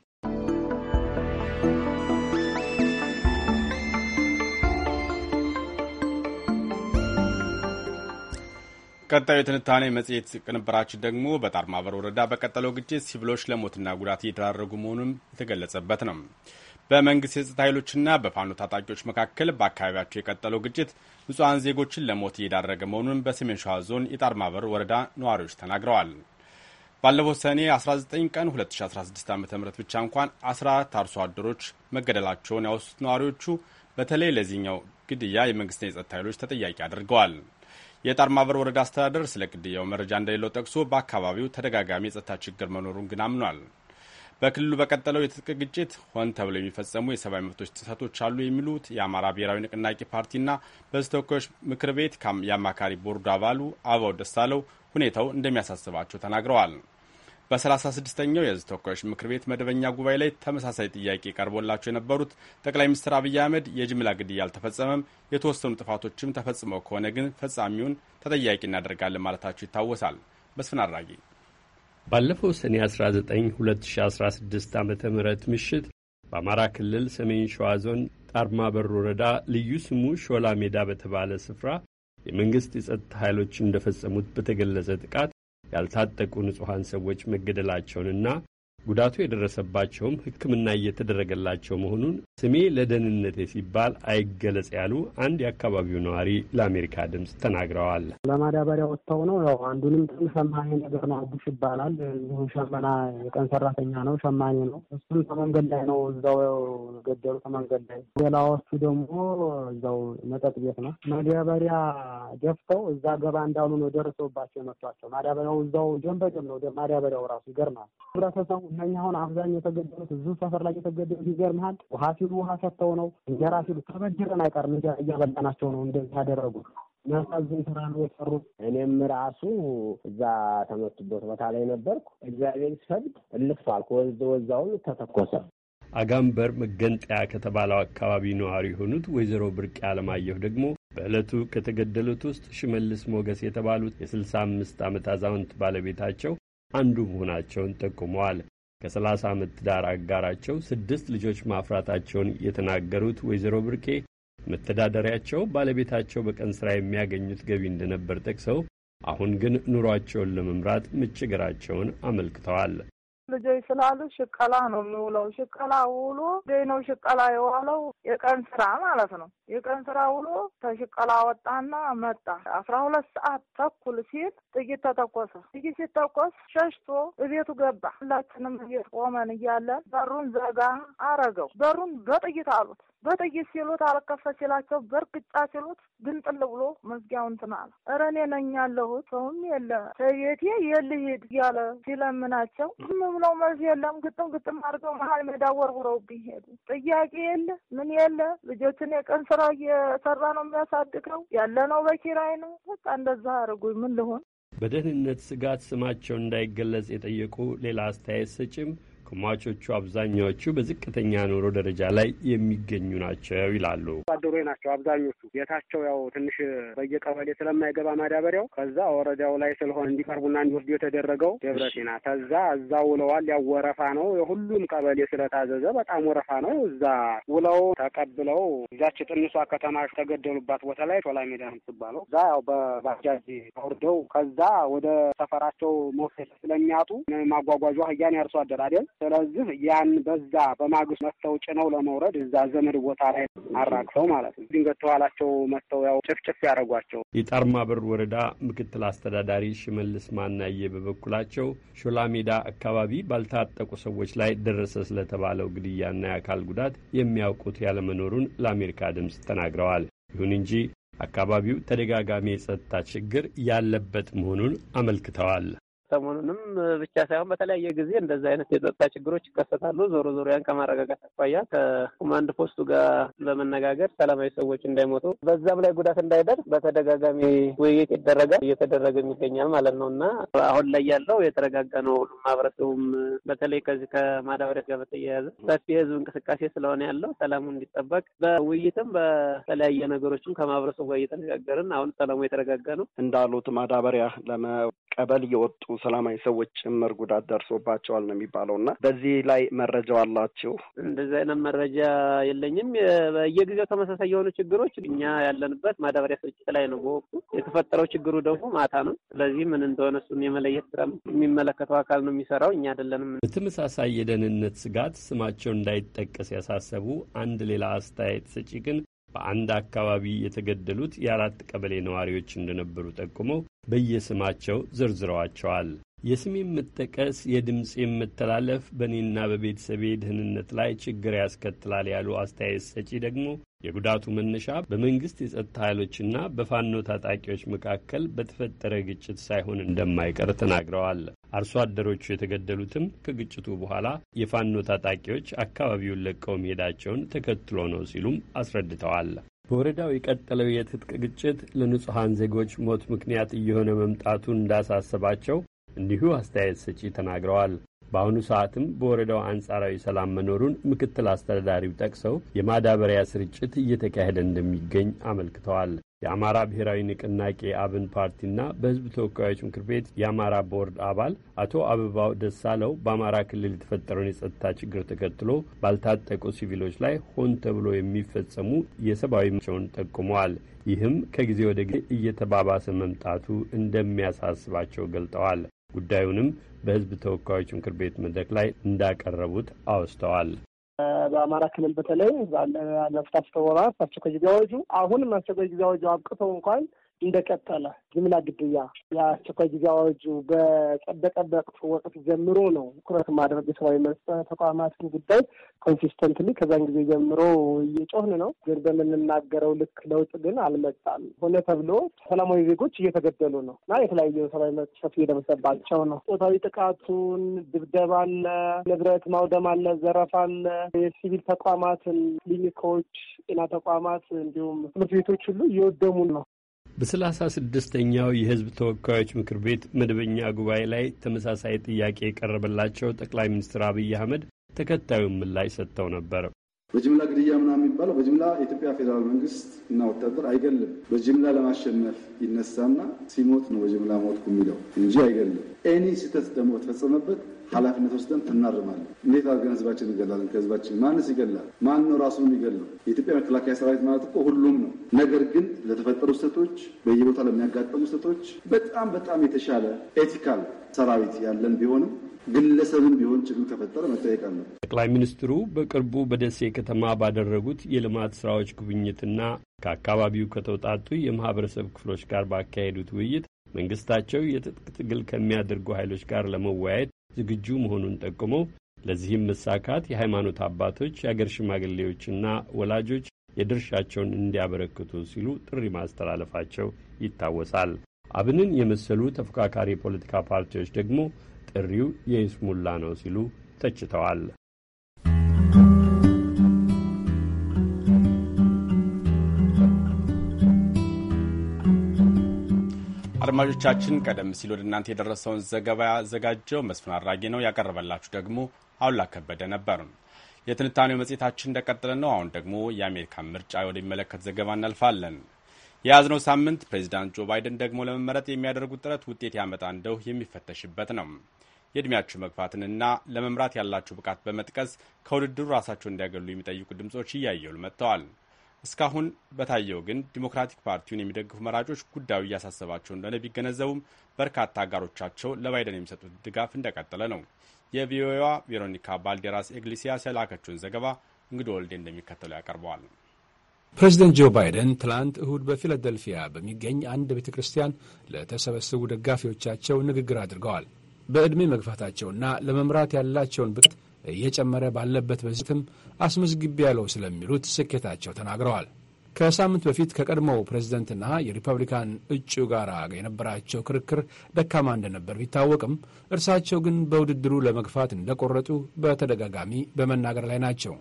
ቀጣዩ የትንታኔ መጽሔት ቅንብራችን ደግሞ በጣር ማበር ወረዳ በቀጠለው ግጭት ሲቪሎች ለሞትና ጉዳት እየተዳረጉ መሆኑን የተገለጸበት ነው። በመንግስት የጸጥታ ኃይሎችና በፋኖ ታጣቂዎች መካከል በአካባቢያቸው የቀጠለው ግጭት ንጹሐን ዜጎችን ለሞት እየዳረገ መሆኑን በሰሜን ሸዋ ዞን የጣር ማበር ወረዳ ነዋሪዎች ተናግረዋል። ባለፈው ሰኔ 19 ቀን 2016 ዓ ም ብቻ እንኳን 14 አርሶ አደሮች መገደላቸውን ያወሱት ነዋሪዎቹ በተለይ ለዚህኛው ግድያ የመንግስትና የጸጥታ ኃይሎች ተጠያቂ አድርገዋል። ማበር ወረዳ አስተዳደር ስለ ግድያው መረጃ እንደሌለው ጠቅሶ በአካባቢው ተደጋጋሚ የጸጥታ ችግር መኖሩን ግን አምኗል። በክልሉ በቀጠለው የትጥቅ ግጭት ሆን ተብለው የሚፈጸሙ የሰብአዊ መብቶች ጥሰቶች አሉ የሚሉት የአማራ ብሔራዊ ንቅናቄ ፓርቲና በሕዝብ ተወካዮች ምክር ቤት የአማካሪ ቦርዱ አባሉ አበባው ደሳለው ሁኔታው እንደሚያሳስባቸው ተናግረዋል። በ36ኛው የህዝብ ተወካዮች ምክር ቤት መደበኛ ጉባኤ ላይ ተመሳሳይ ጥያቄ ቀርቦላቸው የነበሩት ጠቅላይ ሚኒስትር አብይ አህመድ የጅምላ ግድያ አልተፈጸመም፣ የተወሰኑ ጥፋቶችም ተፈጽመው ከሆነ ግን ፈጻሚውን ተጠያቂ እናደርጋለን ማለታቸው ይታወሳል። መስፍን አድራጊ ባለፈው ሰኔ 19 2016 ዓ ም ምሽት በአማራ ክልል ሰሜን ሸዋ ዞን ጣርማ በር ወረዳ ልዩ ስሙ ሾላ ሜዳ በተባለ ስፍራ የመንግሥት የጸጥታ ኃይሎች እንደፈጸሙት በተገለጸ ጥቃት ያልታጠቁ ንጹሐን ሰዎች መገደላቸውንና ጉዳቱ የደረሰባቸውም ሕክምና እየተደረገላቸው መሆኑን ስሜ ለደህንነቴ ሲባል አይገለጽ ያሉ አንድ የአካባቢው ነዋሪ ለአሜሪካ ድምፅ ተናግረዋል። ለማዳበሪያ ወጥተው ነው። ያው አንዱንም ጥም ሸማኔ ነገር ነው። አቡሽ ይባላል። እዚሁ ሸመና የቀን ሰራተኛ ነው። ሸማኔ ነው። እሱም ከመንገድ ላይ ነው እዛው ገደሉ ከመንገድ ላይ ሌላዎቹ ደግሞ እዛው መጠጥ ቤት ነው። ማዳበሪያ ደፍተው እዛ ገባ እንዳሉ ነው ደርሰውባቸው የመቷቸው። ማዳበሪያው እዛው ጀንበጀም ነው። ማዳበሪያው ራሱ ይገርማል። ህብረተሰቡ እነኛ አሁን አብዛኛው የተገደሉት እዚሁ ሰፈር ላይ የተገደሉት ይገርምሃል፣ ውሃ ሲሉ ውሃ ሰጥተው ነው፣ እንጀራ ሲሉ ተበድረን አይቀርም እንጀራ እያበላናቸው ነው እንደዚህ ያደረጉት። የሚያሳዝን ስራ ነው የሰሩት። እኔም ራሱ እዛ ተመቱበት ቦታ ላይ ነበርኩ። እግዚአብሔር ሲፈቅድ እልክቷል። ወዛውን ተተኮሰ። አጋምበር መገንጠያ ከተባለው አካባቢ ነዋሪ የሆኑት ወይዘሮ ብርቅ አለማየሁ ደግሞ በዕለቱ ከተገደሉት ውስጥ ሽመልስ ሞገስ የተባሉት የ65 ዓመት አዛውንት ባለቤታቸው አንዱ መሆናቸውን ጠቁመዋል። ከ30 ዓመት ትዳር አጋራቸው ስድስት ልጆች ማፍራታቸውን የተናገሩት ወይዘሮ ብርቄ መተዳደሪያቸው ባለቤታቸው በቀን ሥራ የሚያገኙት ገቢ እንደነበር ጠቅሰው አሁን ግን ኑሯቸውን ለመምራት መቸገራቸውን አመልክተዋል። ልጆች ስላሉ ሽቀላ ነው የሚውለው። ሽቀላ ውሎ ልጅ ነው ሽቀላ የዋለው የቀን ስራ ማለት ነው። የቀን ስራ ውሎ ተሽቀላ ወጣና መጣ። አስራ ሁለት ሰዓት ተኩል ሲል ጥይት ተተኮሰ። ጥይት ሲተኮስ ሸሽቶ እቤቱ ገባ። ሁላችንም ቆመን እያለን በሩን ዘጋ አረገው። በሩን በጥይት አሉት። በጥይት ሲሉት አልከፈ ሲላቸው በእርግጫ ሲሉት ግንጥል ብሎ መዝጊያውን እንትን አለ። ኧረ እኔ ነኝ ያለሁት ሰውም የለ ቤቴ የልሂድ እያለ ሲለምናቸው ነው መልስ የለም። ግጥም ግጥም አድርገው መሀል ሜዳ ወርውረውብኝ ሄዱ። ጥያቄ የለ ምን የለ። ልጆችን የቀን ስራ እየሰራ ነው የሚያሳድገው ያለ ነው በኪራይ ነው። በቃ እንደዛ አድርጉኝ። ምን ልሆን። በደህንነት ስጋት ስማቸው እንዳይገለጽ የጠየቁ ሌላ አስተያየት ሰጭም ከሟቾቹ አብዛኛዎቹ በዝቅተኛ ኑሮ ደረጃ ላይ የሚገኙ ናቸው ይላሉ። አደሮ ናቸው አብዛኞቹ ቤታቸው ያው ትንሽ በየቀበሌ ስለማይገባ ማዳበሪያው ከዛ ወረዳው ላይ ስለሆነ እንዲቀርቡና እንዲወስዱ የተደረገው ደብረሲና ከዛ እዛ ውለዋል። ያው ወረፋ ነው የሁሉም ቀበሌ ስለታዘዘ በጣም ወረፋ ነው። እዛ ውለው ተቀብለው እዛች ጥንሷ ከተማ ተገደሉባት ቦታ ላይ ቶላ ሜዳ ምትባለው እዛ ያው በባጃጅ አውርደው ከዛ ወደ ሰፈራቸው መውሰድ ስለሚያጡ ማጓጓዣ አህያን ያርሶ አደር አይደል ስለዚህ ያን በዛ በማግስቱ መጥተው ጭነው ለመውረድ እዛ ዘመድ ቦታ ላይ አራግፈው ማለት ነው። ድንገት ኋላቸው መጥተው ያው ጭፍጭፍ ያደረጓቸው። የጣርማ በር ወረዳ ምክትል አስተዳዳሪ ሽመልስ ማናየ በበኩላቸው ሾላ ሜዳ አካባቢ ባልታጠቁ ሰዎች ላይ ደረሰ ስለተባለው ግድያና የአካል ጉዳት የሚያውቁት ያለመኖሩን ለአሜሪካ ድምፅ ተናግረዋል። ይሁን እንጂ አካባቢው ተደጋጋሚ የጸጥታ ችግር ያለበት መሆኑን አመልክተዋል። ሰሞኑንም ብቻ ሳይሆን በተለያየ ጊዜ እንደዚህ አይነት የጸጥታ ችግሮች ይከሰታሉ። ዞሮ ዞሮ ያን ከማረጋጋት አኳያ ከኮማንድ ፖስቱ ጋር በመነጋገር ሰላማዊ ሰዎች እንዳይሞቱ በዛም ላይ ጉዳት እንዳይደርስ በተደጋጋሚ ውይይት ይደረጋል እየተደረገ ይገኛል ማለት ነው እና አሁን ላይ ያለው የተረጋጋ ነው። ሁሉም ማህበረሰቡም በተለይ ከዚህ ከማዳበሪያ ጋር በተያያዘ ሰፊ የህዝብ እንቅስቃሴ ስለሆነ ያለው ሰላሙ እንዲጠበቅ በውይይትም በተለያየ ነገሮችም ከማህበረሰቡ ጋር እየተነጋገርን አሁን ሰላሙ የተረጋጋ ነው። እንዳሉት ማዳበሪያ ለመቀበል የወጡ ሰላማዊ ሰዎች ጭምር ጉዳት ደርሶባቸዋል ነው የሚባለው እና በዚህ ላይ መረጃው አላችሁ? እንደዚህ አይነት መረጃ የለኝም። በየጊዜው ተመሳሳይ የሆኑ ችግሮች እኛ ያለንበት ማዳበሪያ ስርጭት ላይ ነው በወቅቱ የተፈጠረው። ችግሩ ደግሞ ማታ ነው። ስለዚህ ምን እንደሆነ እሱን የመለየት ስራ የሚመለከተው አካል ነው የሚሰራው፣ እኛ አይደለንም። በተመሳሳይ የደህንነት ስጋት ስማቸው እንዳይጠቀስ ያሳሰቡ አንድ ሌላ አስተያየት ሰጪ ግን በአንድ አካባቢ የተገደሉት የአራት ቀበሌ ነዋሪዎች እንደነበሩ ጠቁመው በየስማቸው ዘርዝረዋቸዋል። የስሜ የምጠቀስ የድምፅ የምተላለፍ በእኔና በቤተሰቤ ደህንነት ላይ ችግር ያስከትላል ያሉ አስተያየት ሰጪ ደግሞ የጉዳቱ መነሻ በመንግስት የጸጥታ ኃይሎችና በፋኖ ታጣቂዎች መካከል በተፈጠረ ግጭት ሳይሆን እንደማይቀር ተናግረዋል። አርሶ አደሮቹ የተገደሉትም ከግጭቱ በኋላ የፋኖ ታጣቂዎች አካባቢውን ለቀው መሄዳቸውን ተከትሎ ነው ሲሉም አስረድተዋል። በወረዳው የቀጠለው የትጥቅ ግጭት ለንጹሐን ዜጎች ሞት ምክንያት እየሆነ መምጣቱን እንዳሳሰባቸው እንዲሁ አስተያየት ሰጪ ተናግረዋል። በአሁኑ ሰዓትም በወረዳው አንጻራዊ ሰላም መኖሩን ምክትል አስተዳዳሪው ጠቅሰው የማዳበሪያ ስርጭት እየተካሄደ እንደሚገኝ አመልክተዋል። የአማራ ብሔራዊ ንቅናቄ አብን ፓርቲና በሕዝብ ተወካዮች ምክር ቤት የአማራ ቦርድ አባል አቶ አበባው ደሳለው በአማራ ክልል የተፈጠረውን የጸጥታ ችግር ተከትሎ ባልታጠቁ ሲቪሎች ላይ ሆን ተብሎ የሚፈጸሙ የሰብአዊ መቸውን ጠቁመዋል። ይህም ከጊዜ ወደ ጊዜ እየተባባሰ መምጣቱ እንደሚያሳስባቸው ገልጠዋል። ጉዳዩንም በህዝብ ተወካዮች ምክር ቤት መድረክ ላይ እንዳቀረቡት አውስተዋል። በአማራ ክልል በተለይ ባለፉት አስር ወራት አስቸኳይ ጊዜ አዋጁ አሁን አስቸኳይ ጊዜ አዋጁ አብቅቶ እንኳን እንደቀጠለ ጅምላ ግድያ የአስቸኳይ ጊዜ አዋጁ በጸደቀበት ወቅት ጀምሮ ነው ትኩረት ማድረግ የሰብአዊ መብት ተቋማትን ጉዳይ ኮንሲስተንትሊ ከዛን ጊዜ ጀምሮ እየጮህን ነው። ግን በምንናገረው ልክ ለውጥ ግን አልመጣም። ሆነ ተብሎ ሰላማዊ ዜጎች እየተገደሉ ነው እና የተለያየ ሰብአዊ መብት ጥሰት እየደረሰባቸው ነው። ጾታዊ ጥቃቱን፣ ድብደባ አለ፣ ንብረት ማውደም አለ፣ ዘረፋ አለ። የሲቪል ተቋማትን፣ ክሊኒኮች፣ ጤና ተቋማት እንዲሁም ትምህርት ቤቶች ሁሉ እየወደሙን ነው። በሰላሳ ስድስተኛው የህዝብ ተወካዮች ምክር ቤት መደበኛ ጉባኤ ላይ ተመሳሳይ ጥያቄ የቀረበላቸው ጠቅላይ ሚኒስትር አብይ አህመድ ተከታዩን ምላሽ ሰጥተው ነበር። በጅምላ ግድያ ምናምን የሚባለው በጅምላ የኢትዮጵያ ፌዴራል መንግስት እና ወታደር አይገልም። በጅምላ ለማሸነፍ ይነሳና ሲሞት ነው በጅምላ ሞትኩ የሚለው እንጂ አይገልም። ኤኒ ስህተት ደግሞ ተፈጸመበት ኃላፊነት ወስደን እናርማለን። እንዴት አድርገን ህዝባችን እንገላለን? ከህዝባችን ማንስ ይገላል? ማን ነው ራሱ የሚገለው? የኢትዮጵያ መከላከያ ሰራዊት ማለት እኮ ሁሉም ነው። ነገር ግን ለተፈጠሩ ስህተቶች፣ በየቦታ ለሚያጋጠሙ ስህተቶች በጣም በጣም የተሻለ ኤቲካል ሰራዊት ያለን ቢሆንም ግለሰብን ቢሆን ችግር ከፈጠረ መጠየቅ አለ። ጠቅላይ ሚኒስትሩ በቅርቡ በደሴ ከተማ ባደረጉት የልማት ስራዎች ጉብኝትና ከአካባቢው ከተውጣጡ የማህበረሰብ ክፍሎች ጋር ባካሄዱት ውይይት መንግስታቸው የትጥቅ ትግል ከሚያደርጉ ኃይሎች ጋር ለመወያየት ዝግጁ መሆኑን ጠቁመው ለዚህም መሳካት የሃይማኖት አባቶች፣ የአገር ሽማግሌዎችና ወላጆች የድርሻቸውን እንዲያበረክቱ ሲሉ ጥሪ ማስተላለፋቸው ይታወሳል። አብንን የመሰሉ ተፎካካሪ የፖለቲካ ፓርቲዎች ደግሞ ጥሪው የይስሙላ ነው ሲሉ ተችተዋል። አድማጮቻችን ቀደም ሲል ወደ እናንተ የደረሰውን ዘገባ ያዘጋጀው መስፍን አድራጌ ነው። ያቀረበላችሁ ደግሞ አሉላ ከበደ ነበር። የትንታኔው መጽሔታችን እንደቀጠለ ነው። አሁን ደግሞ የአሜሪካ ምርጫ ወደሚመለከት ዘገባ እናልፋለን። የያዝነው ሳምንት ፕሬዚዳንት ጆ ባይደን ደግሞ ለመመረጥ የሚያደርጉት ጥረት ውጤት ያመጣ እንደው የሚፈተሽበት ነው። የእድሜያችሁ መግፋትንና ለመምራት ያላችሁ ብቃት በመጥቀስ ከውድድሩ ራሳቸው እንዲያገሉ የሚጠይቁ ድምፆች እያየሉ መጥተዋል። እስካሁን በታየው ግን ዲሞክራቲክ ፓርቲውን የሚደግፉ መራጮች ጉዳዩ እያሳሰባቸው እንደሆነ ቢገነዘቡም በርካታ አጋሮቻቸው ለባይደን የሚሰጡት ድጋፍ እንደቀጠለ ነው። የቪኦኤዋ ቬሮኒካ ባልዴራስ ኤግሊሲያስ የላከችውን ዘገባ እንግዶ ወልዴ እንደሚከተለው ያቀርበዋል። ፕሬዚደንት ጆ ባይደን ትላንት እሁድ በፊላደልፊያ በሚገኝ አንድ ቤተ ክርስቲያን ለተሰበሰቡ ደጋፊዎቻቸው ንግግር አድርገዋል። በዕድሜ መግፋታቸውና ለመምራት ያላቸውን ብቃት እየጨመረ ባለበት በዚህም አስመዝግቤ ያለው ስለሚሉት ስኬታቸው ተናግረዋል። ከሳምንት በፊት ከቀድሞው ፕሬዝደንትና የሪፐብሊካን እጩ ጋር የነበራቸው ክርክር ደካማ እንደነበር ቢታወቅም እርሳቸው ግን በውድድሩ ለመግፋት እንደቆረጡ በተደጋጋሚ በመናገር ላይ ናቸው።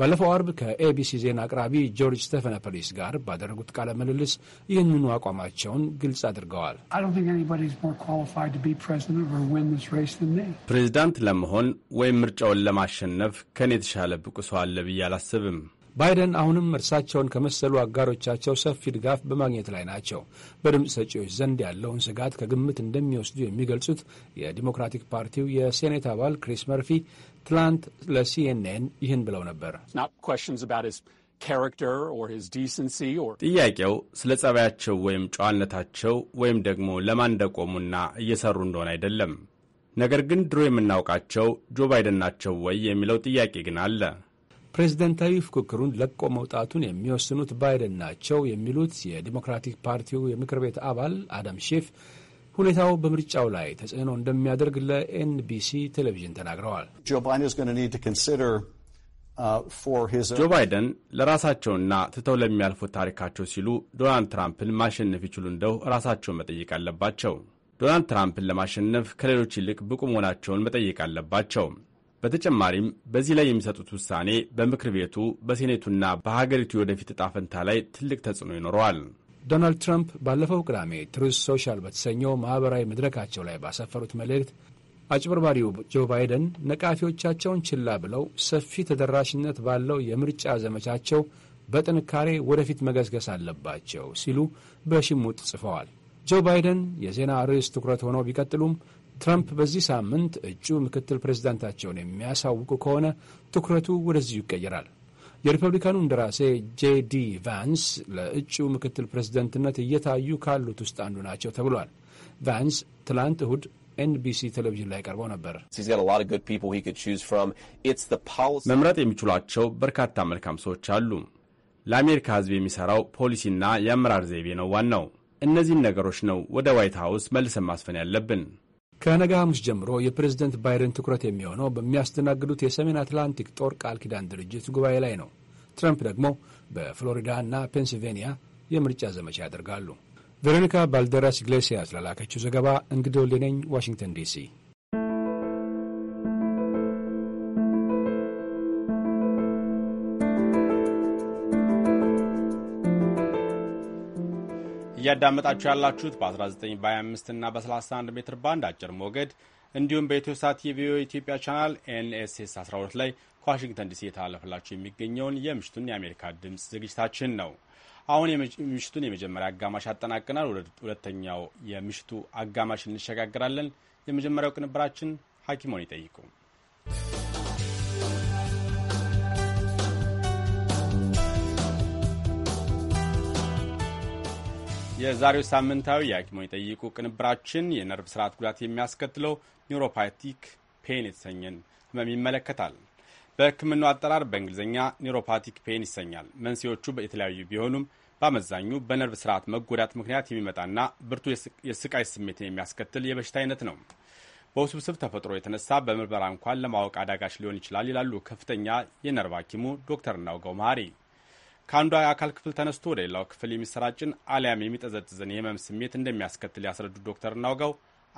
ባለፈው አርብ ከኤቢሲ ዜና አቅራቢ ጆርጅ ስቴፈናፐሊስ ጋር ባደረጉት ቃለ ምልልስ ይህንኑ አቋማቸውን ግልጽ አድርገዋል። ፕሬዚዳንት ለመሆን ወይም ምርጫውን ለማሸነፍ ከእኔ የተሻለ ብቁ ሰው አለ ብዬ አላስብም። ባይደን አሁንም እርሳቸውን ከመሰሉ አጋሮቻቸው ሰፊ ድጋፍ በማግኘት ላይ ናቸው። በድምፅ ሰጪዎች ዘንድ ያለውን ስጋት ከግምት እንደሚወስዱ የሚገልጹት የዲሞክራቲክ ፓርቲው የሴኔት አባል ክሪስ መርፊ ትላንት ለሲኤንኤን ይህን ብለው ነበር። ጥያቄው ስለ ጸባያቸው ወይም ጨዋነታቸው ወይም ደግሞ ለማን እንደቆሙና እየሰሩ እንደሆነ አይደለም። ነገር ግን ድሮ የምናውቃቸው ጆ ባይደን ናቸው ወይ የሚለው ጥያቄ ግን አለ። ፕሬዝደንታዊ ፉክክሩን ለቆ መውጣቱን የሚወስኑት ባይደን ናቸው የሚሉት የዲሞክራቲክ ፓርቲው የምክር ቤት አባል አዳም ሼፍ ሁኔታው በምርጫው ላይ ተጽዕኖ እንደሚያደርግ ለኤንቢሲ ቴሌቪዥን ተናግረዋል። ጆ ባይደን uh, ለራሳቸውና ትተው ለሚያልፉት ታሪካቸው ሲሉ ዶናልድ ትራምፕን ማሸነፍ ይችሉ እንደው ራሳቸውን መጠየቅ አለባቸው። ዶናልድ ትራምፕን ለማሸነፍ ከሌሎች ይልቅ ብቁ መሆናቸውን መጠየቅ አለባቸው። በተጨማሪም በዚህ ላይ የሚሰጡት ውሳኔ በምክር ቤቱ በሴኔቱና በሀገሪቱ የወደፊት እጣ ፈንታ ላይ ትልቅ ተጽዕኖ ይኖረዋል። ዶናልድ ትራምፕ ባለፈው ቅዳሜ ትሩዝ ሶሻል በተሰኘው ማኅበራዊ መድረካቸው ላይ ባሰፈሩት መልእክት አጭበርባሪው ጆ ባይደን ነቃፊዎቻቸውን ችላ ብለው ሰፊ ተደራሽነት ባለው የምርጫ ዘመቻቸው በጥንካሬ ወደፊት መገስገስ አለባቸው ሲሉ በሽሙጥ ጽፈዋል። ጆ ባይደን የዜና ርዕስ ትኩረት ሆነው ቢቀጥሉም ትራምፕ በዚህ ሳምንት እጩ ምክትል ፕሬዝዳንታቸውን የሚያሳውቁ ከሆነ ትኩረቱ ወደዚሁ ይቀየራል። የሪፐብሊካኑ እንደራሴ ጄዲ ቫንስ ለእጩ ምክትል ፕሬዝደንትነት እየታዩ ካሉት ውስጥ አንዱ ናቸው ተብሏል። ቫንስ ትላንት እሁድ ኤንቢሲ ቴሌቪዥን ላይ ቀርበው ነበር። መምረጥ የሚችሏቸው በርካታ መልካም ሰዎች አሉ። ለአሜሪካ ሕዝብ የሚሠራው ፖሊሲና የአመራር ዘይቤ ነው ዋናው። እነዚህን ነገሮች ነው ወደ ዋይት ሀውስ መልሰን ማስፈን ያለብን። ከነገ ሐሙስ ጀምሮ የፕሬዝደንት ባይደን ትኩረት የሚሆነው በሚያስተናግዱት የሰሜን አትላንቲክ ጦር ቃል ኪዳን ድርጅት ጉባኤ ላይ ነው። ትራምፕ ደግሞ በፍሎሪዳ እና ፔንስልቬንያ የምርጫ ዘመቻ ያደርጋሉ። ቬሮኒካ ባልደራስ ኢግሌሲያስ ላላከችው ዘገባ እንግዶ ሌነኝ ዋሽንግተን ዲሲ እያዳመጣችሁ ያላችሁት በ19 በ25 እና በ31 ሜትር ባንድ አጭር ሞገድ እንዲሁም በኢትዮሳት የቪኦኤ ኢትዮጵያ ቻናል ኤንኤስኤስ 12 ላይ ከዋሽንግተን ዲሲ የተላለፈላችሁ የሚገኘውን የምሽቱን የአሜሪካ ድምፅ ዝግጅታችን ነው። አሁን የምሽቱን የመጀመሪያ አጋማሽ አጠናቅናል። ወደ ሁለተኛው የምሽቱ አጋማሽ እንሸጋግራለን። የመጀመሪያው ቅንብራችን ሐኪሞን ይጠይቁ የዛሬው ሳምንታዊ የሐኪሞን የጠይቁ ቅንብራችን የነርቭ ስርዓት ጉዳት የሚያስከትለው ኒውሮፓቲክ ፔን የተሰኘን ህመም ይመለከታል። በሕክምናው አጠራር በእንግሊዝኛ ኒውሮፓቲክ ፔን ይሰኛል። መንስኤዎቹ የተለያዩ ቢሆኑም በአመዛኙ በነርቭ ስርዓት መጎዳት ምክንያት የሚመጣና ብርቱ የስቃይ ስሜትን የሚያስከትል የበሽታ አይነት ነው። በውስብስብ ተፈጥሮ የተነሳ በምርመራ እንኳን ለማወቅ አዳጋች ሊሆን ይችላል ይላሉ ከፍተኛ የነርቭ ሐኪሙ ዶክተር እናውጋው መሀሪ። ከአንዷ የአካል ክፍል ተነስቶ ወደ ሌላው ክፍል የሚሰራጭን አሊያም የሚጠዘጥዝን የህመም ስሜት እንደሚያስከትል ያስረዱት ዶክተር እናውጋው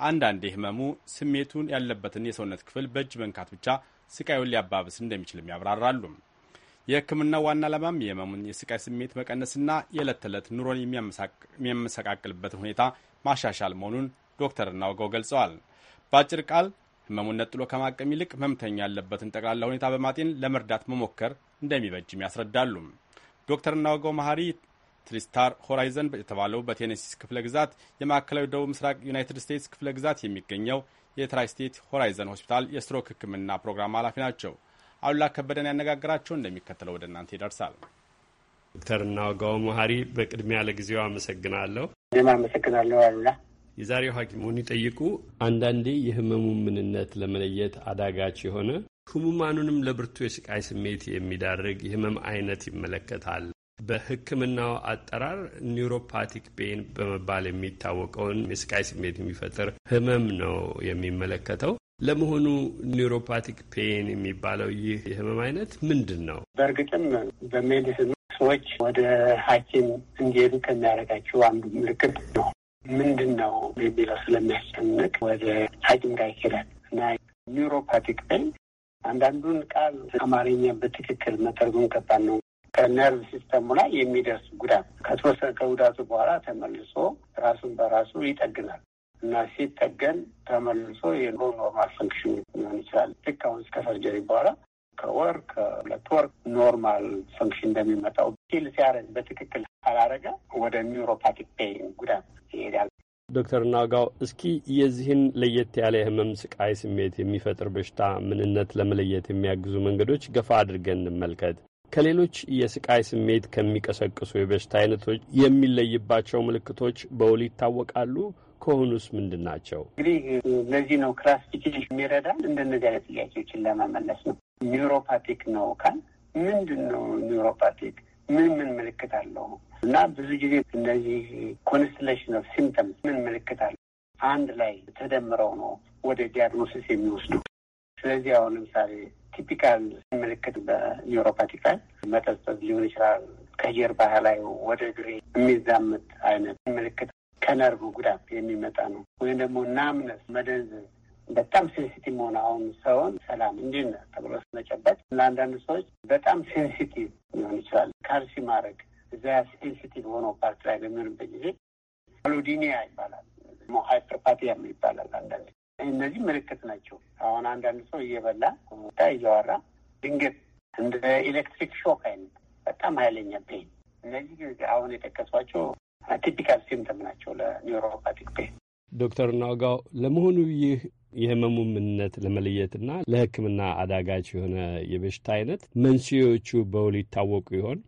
አንዳንዴ ህመሙ ስሜቱን ያለበትን የሰውነት ክፍል በእጅ መንካት ብቻ ስቃዩን ሊያባብስ እንደሚችልም ያብራራሉ። የህክምናው ዋና ዓላማም የህመሙን የስቃይ ስሜት መቀነስና የዕለት ተዕለት ኑሮን የሚያመሰቃቅልበትን ሁኔታ ማሻሻል መሆኑን ዶክተር እናውጋው ገልጸዋል። በአጭር ቃል ህመሙን ነጥሎ ከማቀም ይልቅ ህመምተኛ ያለበትን ጠቅላላ ሁኔታ በማጤን ለመርዳት መሞከር እንደሚበጅም ያስረዳሉ። ዶክተር ናውጋው መሀሪ ትሪስታር ሆራይዘን የተባለው በቴኔሲስ ክፍለ ግዛት የማዕከላዊ ደቡብ ምስራቅ ዩናይትድ ስቴትስ ክፍለ ግዛት የሚገኘው የትራይስቴት ሆራይዘን ሆስፒታል የስትሮክ ሕክምና ፕሮግራም ኃላፊ ናቸው። አሉላ ከበደን ያነጋግራቸው እንደሚከተለው ወደ እናንተ ይደርሳል። ዶክተር እናውጋው መሀሪ በቅድሚያ ለጊዜው አመሰግናለሁ። እኔም አመሰግናለሁ አሉላ። የዛሬው ሐኪሙን ይጠይቁ አንዳንዴ የህመሙን ምንነት ለመለየት አዳጋች የሆነ ህሙማኑንም ለብርቱ የስቃይ ስሜት የሚዳርግ የህመም አይነት ይመለከታል። በሕክምናው አጠራር ኒውሮፓቲክ ፔን በመባል የሚታወቀውን የስቃይ ስሜት የሚፈጥር ህመም ነው የሚመለከተው። ለመሆኑ ኒውሮፓቲክ ፔን የሚባለው ይህ የህመም አይነት ምንድን ነው? በእርግጥም በሜዲስን ሰዎች ወደ ሐኪም እንዲሄዱ ከሚያደርጋቸው አንዱ ምልክት ነው። ምንድን ነው የሚለው ስለሚያስጨንቅ ወደ ሐኪም ጋር ይሄዳል እና ኒውሮፓቲክ ፔን አንዳንዱን ቃል አማርኛ በትክክል መተርጎም ከባድ ነው። ከነርቭ ሲስተሙ ላይ የሚደርስ ጉዳት ከተወሰነ ከጉዳቱ በኋላ ተመልሶ ራሱን በራሱ ይጠግናል እና ሲጠገን ተመልሶ የኑሮ ኖርማል ፈንክሽን ሊሆን ይችላል። ልክ አሁን ሰርጀሪ በኋላ ከወር ከሁለት ወር ኖርማል ፈንክሽን እንደሚመጣው ሂል ሲያረግ በትክክል አላረገ ወደ ኒውሮፓቲክ ፔን ጉዳት ይሄዳል። ዶክተር ናጋው እስኪ የዚህን ለየት ያለ የህመም ስቃይ ስሜት የሚፈጥር በሽታ ምንነት ለመለየት የሚያግዙ መንገዶች ገፋ አድርገን እንመልከት። ከሌሎች የስቃይ ስሜት ከሚቀሰቅሱ የበሽታ አይነቶች የሚለይባቸው ምልክቶች በውል ይታወቃሉ? ከሆኑስ ምንድን ናቸው? እንግዲህ ለዚህ ነው ክላሲፊኬሽን የሚረዳን እንደነዚህ አይነት ጥያቄዎችን ለመመለስ ነው። ኒውሮፓቲክ ነው ካል ምንድን ነው ኒውሮፓቲክ ምን ምን ምልክት አለው እና ብዙ ጊዜ እነዚህ ኮንስትሌሽን ኦፍ ሲምፕተምስ ምን ምልክት አለው አንድ ላይ ተደምረው ነው ወደ ዲያግኖሲስ የሚወስዱ። ስለዚህ አሁን ለምሳሌ ቲፒካል ምልክት በኒውሮፓቲካል መጠጠት ሊሆን ይችላል። ከጀርባ ላይ ወደ ግሬ የሚዛመት አይነት ምልክት ከነርቭ ጉዳት የሚመጣ ነው። ወይም ደግሞ ናምነስ መደንዘዝ በጣም ሴንሲቲቭ መሆን አሁን ሰውን ሰላም እንዲህ ተብሎ መጨበጥ ለአንዳንድ ሰዎች በጣም ሴንሲቲቭ ሊሆን ይችላል። ካልሲ ማድረግ እዚያ ሴንሲቲቭ ሆኖ ፓርት ላይ በሚሆንበት ጊዜ ፓሎዲኒያ ይባላል፣ ሃይፐርፓቲያም ይባላል። አንዳንድ እነዚህ ምልክት ናቸው። አሁን አንዳንድ ሰው እየበላ ታ እያወራ ድንገት እንደ ኤሌክትሪክ ሾክ አይነት በጣም ሀይለኛ ፔን፣ እነዚህ አሁን የጠቀሷቸው ቲፒካል ሲምተም ናቸው ለኒውሮፓቲክ ፔን። ዶክተር ናጋው ለመሆኑ ይህ የህመሙ ምንነት ለመለየትና ለህክምና አዳጋች የሆነ የበሽታ አይነት መንስኤዎቹ በውል ይታወቁ ይሆን?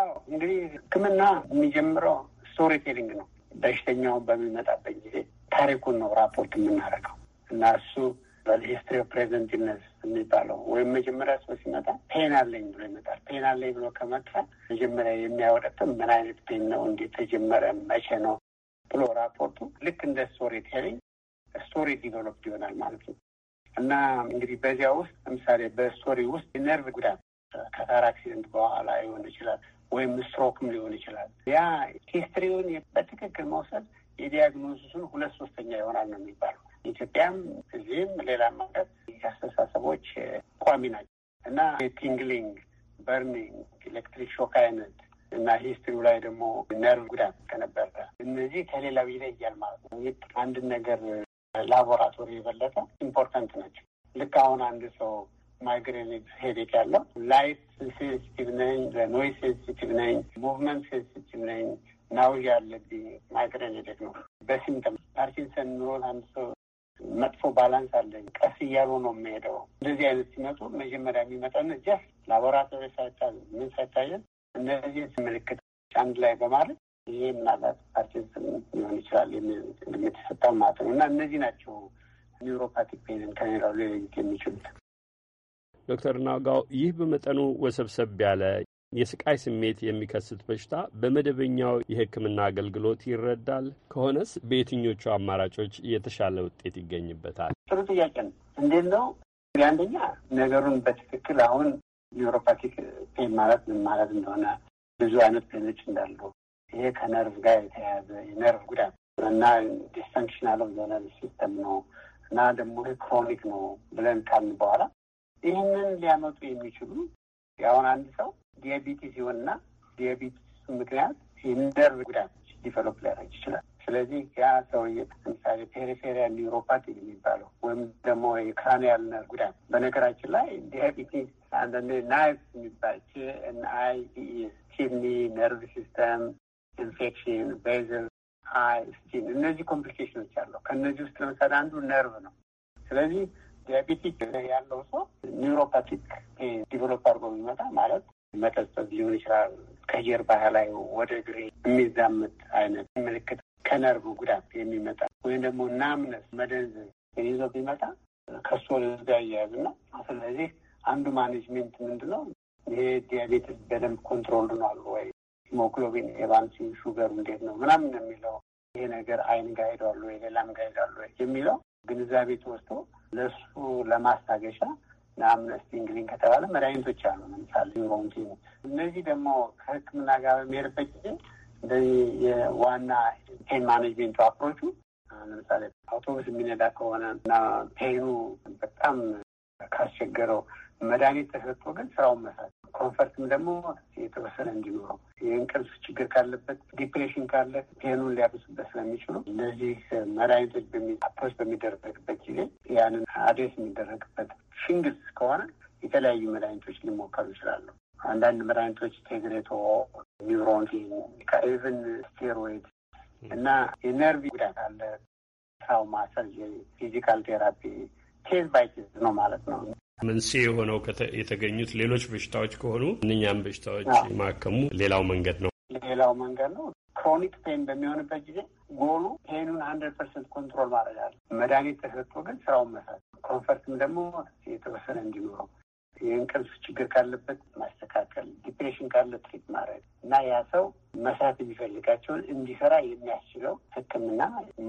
አዎ እንግዲህ ህክምና የሚጀምረው ስቶሪ ቴሊንግ ነው። በሽተኛው በሚመጣበት ጊዜ ታሪኩን ነው ራፖርት የምናደርገው እና እሱ ሂስትሪ ኦፍ የሚባለው ወይም መጀመሪያ ሰው ሲመጣ ፔን አለኝ ብሎ ይመጣል። ፔን አለኝ ብሎ ከመጣ መጀመሪያ የሚያወጣው ምን አይነት ፔን ነው፣ እንዴት ተጀመረ፣ መቼ ነው ብሎ ራፖርቱ ልክ እንደ ስቶሪ ቴሊንግ ስቶሪ ዲቨሎፕ ይሆናል ማለት ነው እና እንግዲህ በዚያ ውስጥ ለምሳሌ በስቶሪ ውስጥ የነርቭ ጉዳት ከታር አክሲደንት በኋላ ሊሆን ይችላል ወይም ስትሮክም ሊሆን ይችላል። ያ ሂስትሪውን በትክክል መውሰድ የዲያግኖሲሱን ሁለት ሶስተኛ ይሆናል ነው የሚባለው። ኢትዮጵያም እዚህም ሌላ ማለት የአስተሳሰቦች ቋሚ ናቸው እና ቲንግሊንግ፣ በርኒንግ፣ ኤሌክትሪክ ሾክ አይነት እና ሂስትሪው ላይ ደግሞ ነርቭ ጉዳት ከነበረ እነዚህ ከሌላው ይለያል ማለት ነው። አንድን ነገር ላቦራቶሪ የበለጠ ኢምፖርታንት ናቸው። ልክ አሁን አንድ ሰው ማይግሬን ሄዴክ ያለው ላይት ሴንሲቲቭ ነኝ፣ ለኖይዝ ሴንሲቲቭ ነኝ፣ ሙቭመንት ሴንሲቲቭ ነኝ ናው ያለብኝ ማይግሬን ሄዴክ ነው። በሲምተም ፓርኪንሰን ኑሮን አንድ ሰው መጥፎ ባላንስ አለኝ፣ ቀስ እያሉ ነው የሚሄደው። እንደዚህ አይነት ሲመጡ መጀመሪያ የሚመጣን ጀስ ላቦራቶሪ ሳይቻል ምን ሳይታየን እነዚህ ምልክት አንድ ላይ በማድረግ ይሄ ምናልባት ፓርኪንሰን ሊሆን ይችላል ግምት ይሰጣል ማለት ነው እና እነዚህ ናቸው ኒውሮፓቲክ ፔንን ከሌላው ሊለዩት የሚችሉት። ዶክተር ናጋው ይህ በመጠኑ ወሰብሰብ ያለ የስቃይ ስሜት የሚከስት በሽታ በመደበኛው የሕክምና አገልግሎት ይረዳል ከሆነስ በየትኞቹ አማራጮች የተሻለ ውጤት ይገኝበታል? ጥሩ ጥያቄ ነው። እንዴት ነው አንደኛ ነገሩን በትክክል አሁን ኒውሮፓቲክ ፔን ማለት ምን ማለት እንደሆነ ብዙ አይነት ፔኖች እንዳሉ ይሄ ከነርቭ ጋር የተያያዘ የነርቭ ጉዳት እና ዲስፈንክሽናል ኦፍ ዘ ነርቭ ሲስተም ነው እና ደግሞ ክሮኒክ ነው ብለን ካልን በኋላ ይህንን ሊያመጡ የሚችሉ አሁን አንድ ሰው ዲያቢቲስ ሲሆንና ዲያቢቲስ ምክንያት የነርቭ ጉዳቶች ዲቨሎፕ ሊያደርግ ይችላል። ስለዚህ ያ ሰውዬ ለምሳሌ ፔሪፌሪያል ኒውሮፓቲ የሚባለው ወይም ደግሞ የክራኒያል ነርቭ ጉዳት በነገራችን ላይ ዲያቢቲስ አንዳንዴ ናይቭ የሚባል አይ ኪድኒ ነርቭ ሲስተም ኢንፌክሽን፣ ቤዝል፣ አይ፣ ስቲን እነዚህ ኮምፕሊኬሽኖች አለው። ከእነዚህ ውስጥ ለምሳሌ አንዱ ነርቭ ነው። ስለዚህ ዲያቤቲክ ያለው ሰው ኒውሮፓቲክ ዲቨሎፕ አድርጎ የሚመጣ ማለት መጠጠብ ሊሆን ይችላል። ከጀርባ ባህላዊ ወደ ግሬ የሚዛመት አይነት ምልክት ከነርቭ ጉዳት የሚመጣ ወይም ደግሞ ናምነስ መደንዝ ይዞ ቢመጣ ከሱ ወደዚ ጋር እያያዝ ነው። ስለዚህ አንዱ ማኔጅሜንት ምንድን ነው ይሄ ዲያቤትስ በደንብ ኮንትሮል ነው አሉ ወይ ሂሞግሎቢን ኤቫንሲ ሹገሩ እንዴት ነው ምናምን የሚለው ይሄ ነገር አይን ጋር ሄዷል ወይ ሌላም ጋር ሄዷል ወይ የሚለው ግንዛቤ ተወስቶ ለእሱ ለማስታገሻ ለአምነስቲ እንግዲህ ከተባለ መድኃኒቶች አሉ። ለምሳሌ ሮንቲን እነዚህ ደግሞ ከሕክምና ጋር በሚሄድበት ጊዜ እንደዚህ የዋና ፔን ማኔጅሜንቱ አፕሮቹ ለምሳሌ አውቶቡስ የሚነዳ ከሆነ እና ፔኑ በጣም ካስቸገረው መድኃኒት ተሰጥቶ ግን ስራውን መሳት ኮንፈርትም ደግሞ የተወሰነ እንዲኖረው የእንቅልፍ ችግር ካለበት ዲፕሬሽን ካለ ፔኑን ሊያብስበት ስለሚችሉ እነዚህ መድኃኒቶች አፕሮች በሚደረግበት ጊዜ ያንን አድሬስ የሚደረግበት ሽንግልስ ከሆነ የተለያዩ መድኃኒቶች ሊሞከሩ ይችላሉ። አንዳንድ መድኃኒቶች ቴግሬቶ፣ ኒውሮንቲን፣ ኢቨን ስቴሮይድ እና የነርቪ ጉዳት አለ፣ ትራውማ ሰርጀሪ፣ ፊዚካል ቴራፒ ኬዝ ባይ ኬዝ ነው ማለት ነው። መንስኤ የሆነው የተገኙት ሌሎች በሽታዎች ከሆኑ እነኛም በሽታዎች ማከሙ ሌላው መንገድ ነው። ሌላው መንገድ ነው። ክሮኒክ ፔን በሚሆንበት ጊዜ ጎሉ ፔኑን ሀንድረድ ፐርሰንት ኮንትሮል ማድረግ አለ። መድኃኒት ተሰጥቶ ግን ስራውን መሳ ኮንፈርትም ደግሞ የተወሰነ እንዲኖረው፣ የእንቅልፍ ችግር ካለበት ማስተካከል፣ ዲፕሬሽን ካለ ትሪት ማድረግ እና ያ ሰው መስራት የሚፈልጋቸውን እንዲሰራ የሚያስችለው ሕክምና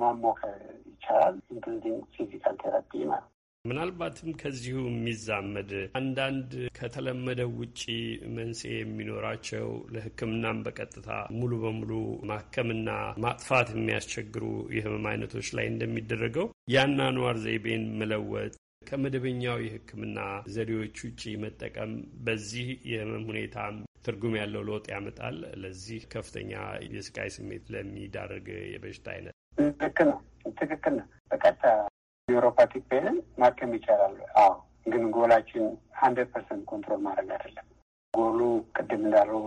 ማሞከር ይቻላል። ኢንክሉዲንግ ፊዚካል ቴራፒ ማለት ምናልባትም ከዚሁ የሚዛመድ አንዳንድ ከተለመደው ውጪ መንስኤ የሚኖራቸው ለሕክምናም በቀጥታ ሙሉ በሙሉ ማከምና ማጥፋት የሚያስቸግሩ የህመም አይነቶች ላይ እንደሚደረገው የአኗኗር ዘይቤን መለወጥ ከመደበኛው የሕክምና ዘዴዎች ውጪ መጠቀም በዚህ የህመም ሁኔታ ትርጉም ያለው ለውጥ ያመጣል። ለዚህ ከፍተኛ የስቃይ ስሜት ለሚዳርግ የበሽታ አይነት ትክክል ነው። ትክክል ነው። በቀጥታ ኒውሮፓቲክ ፔንን ማከም ይቻላል። አዎ፣ ግን ጎላችን ሀንድረድ ፐርሰንት ኮንትሮል ማድረግ አይደለም። ጎሉ ቅድም እንዳለው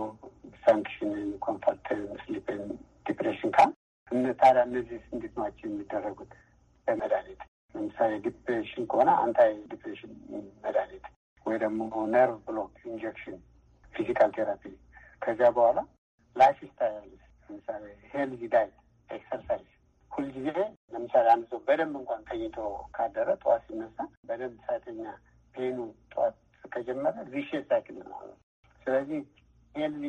ሳንክሽንን፣ ኮንፈርትን፣ ስሊፕን፣ ዲፕሬሽን ካ ታዲያ እነዚህ እንዴት ናቸው የሚደረጉት በመድኃኒት ለምሳሌ ዲፕሬሽን ከሆነ አንታይ ዲፕሬሽን መድኃኒት ወይ ደግሞ ነርቭ ብሎክ ኢንጀክሽን፣ ፊዚካል ቴራፒ ከዚያ በኋላ ላይፍ ስታይል ለምሳሌ ሄልዚ ዳይት፣ ኤክሰርሳይዝ ሁልጊዜ ለምሳሌ አንድ ሰው በደንብ እንኳን ተኝቶ ካደረ ጠዋት ሲነሳ በደንብ ሳተኛ ፔኑ ጠዋት ከጀመረ ቪሽየስ ሳይክል ነው። ስለዚህ ሄልዚ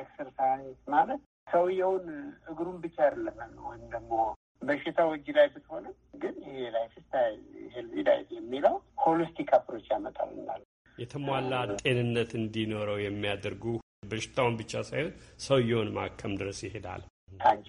ኤክሰርሳይዝ ማለት ሰውየውን እግሩን ብቻ አይደለም ወይም ደግሞ በሽታው እጅ ላይ ብትሆንም ግን ይሄ ላይፍ ስታይል ሄልዚ የሚለው ሆሊስቲክ አፕሮች ያመጣል እናል የተሟላ ጤንነት እንዲኖረው የሚያደርጉ በሽታውን ብቻ ሳይሆን ሰውየውን ማከም ድረስ ይሄዳል። ታንኪ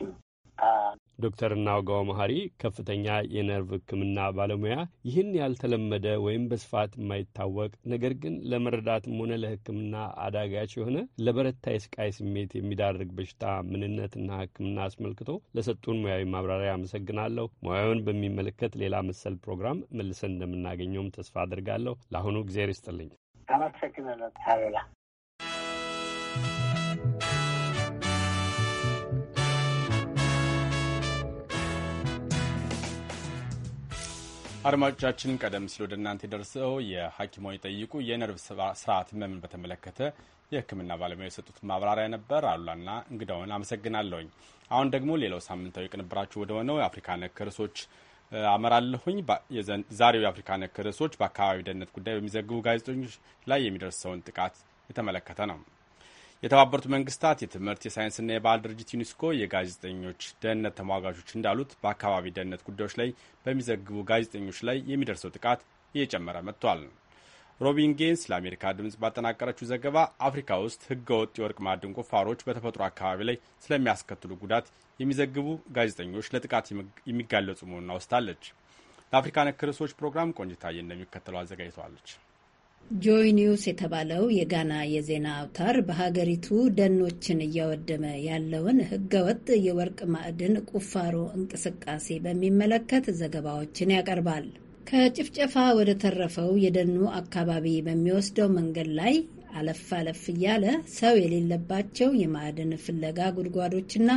ዶክተር እናውጋው መሀሪ ከፍተኛ የነርቭ ሕክምና ባለሙያ ይህን ያልተለመደ ወይም በስፋት የማይታወቅ ነገር ግን ለመረዳትም ሆነ ለሕክምና አዳጋች የሆነ ለበረታ የስቃይ ስሜት የሚዳርግ በሽታ ምንነትና ሕክምና አስመልክቶ ለሰጡን ሙያዊ ማብራሪያ አመሰግናለሁ። ሙያውን በሚመለከት ሌላ መሰል ፕሮግራም መልሰን እንደምናገኘውም ተስፋ አድርጋለሁ። ለአሁኑ እግዜር ይስጥልኝ። አመሰግናለሁ። አድማጮቻችን ቀደም ሲል ወደ እናንተ የደርሰው የሐኪሞን ይጠይቁ የነርቭ ስርዓት ህመምን በተመለከተ የህክምና ባለሙያ የሰጡት ማብራሪያ ነበር። አሉላና እንግዳውን አመሰግናለሁኝ። አሁን ደግሞ ሌላው ሳምንታዊ ቅንብራችሁ ወደ ሆነው የአፍሪካ ነክ ርዕሶች አመራለሁኝ። ዛሬው የአፍሪካ ነክ ርዕሶች በአካባቢ ደህንነት ጉዳይ በሚዘግቡ ጋዜጠኞች ላይ የሚደርሰውን ጥቃት የተመለከተ ነው። የተባበሩት መንግስታት የትምህርት የሳይንስና የባህል ድርጅት ዩኒስኮ የጋዜጠኞች ደህንነት ተሟጋቾች እንዳሉት በአካባቢ ደህንነት ጉዳዮች ላይ በሚዘግቡ ጋዜጠኞች ላይ የሚደርሰው ጥቃት እየጨመረ መጥቷል። ሮቢን ጌንስ ለአሜሪካ ድምፅ ባጠናቀረችው ዘገባ አፍሪካ ውስጥ ህገወጥ የወርቅ ማዕድን ቁፋሮች በተፈጥሮ አካባቢ ላይ ስለሚያስከትሉ ጉዳት የሚዘግቡ ጋዜጠኞች ለጥቃት የሚጋለጹ መሆኑን አውስታለች። ለአፍሪካ ነክ ርዕሶች ፕሮግራም ቆንጅታዬ እንደሚከተለው አዘጋጅተዋለች። ጆይ ኒውስ የተባለው የጋና የዜና አውታር በሀገሪቱ ደኖችን እያወደመ ያለውን ህገወጥ የወርቅ ማዕድን ቁፋሮ እንቅስቃሴ በሚመለከት ዘገባዎችን ያቀርባል። ከጭፍጨፋ ወደ ተረፈው የደኑ አካባቢ በሚወስደው መንገድ ላይ አለፍ አለፍ እያለ ሰው የሌለባቸው የማዕድን ፍለጋ ጉድጓዶችና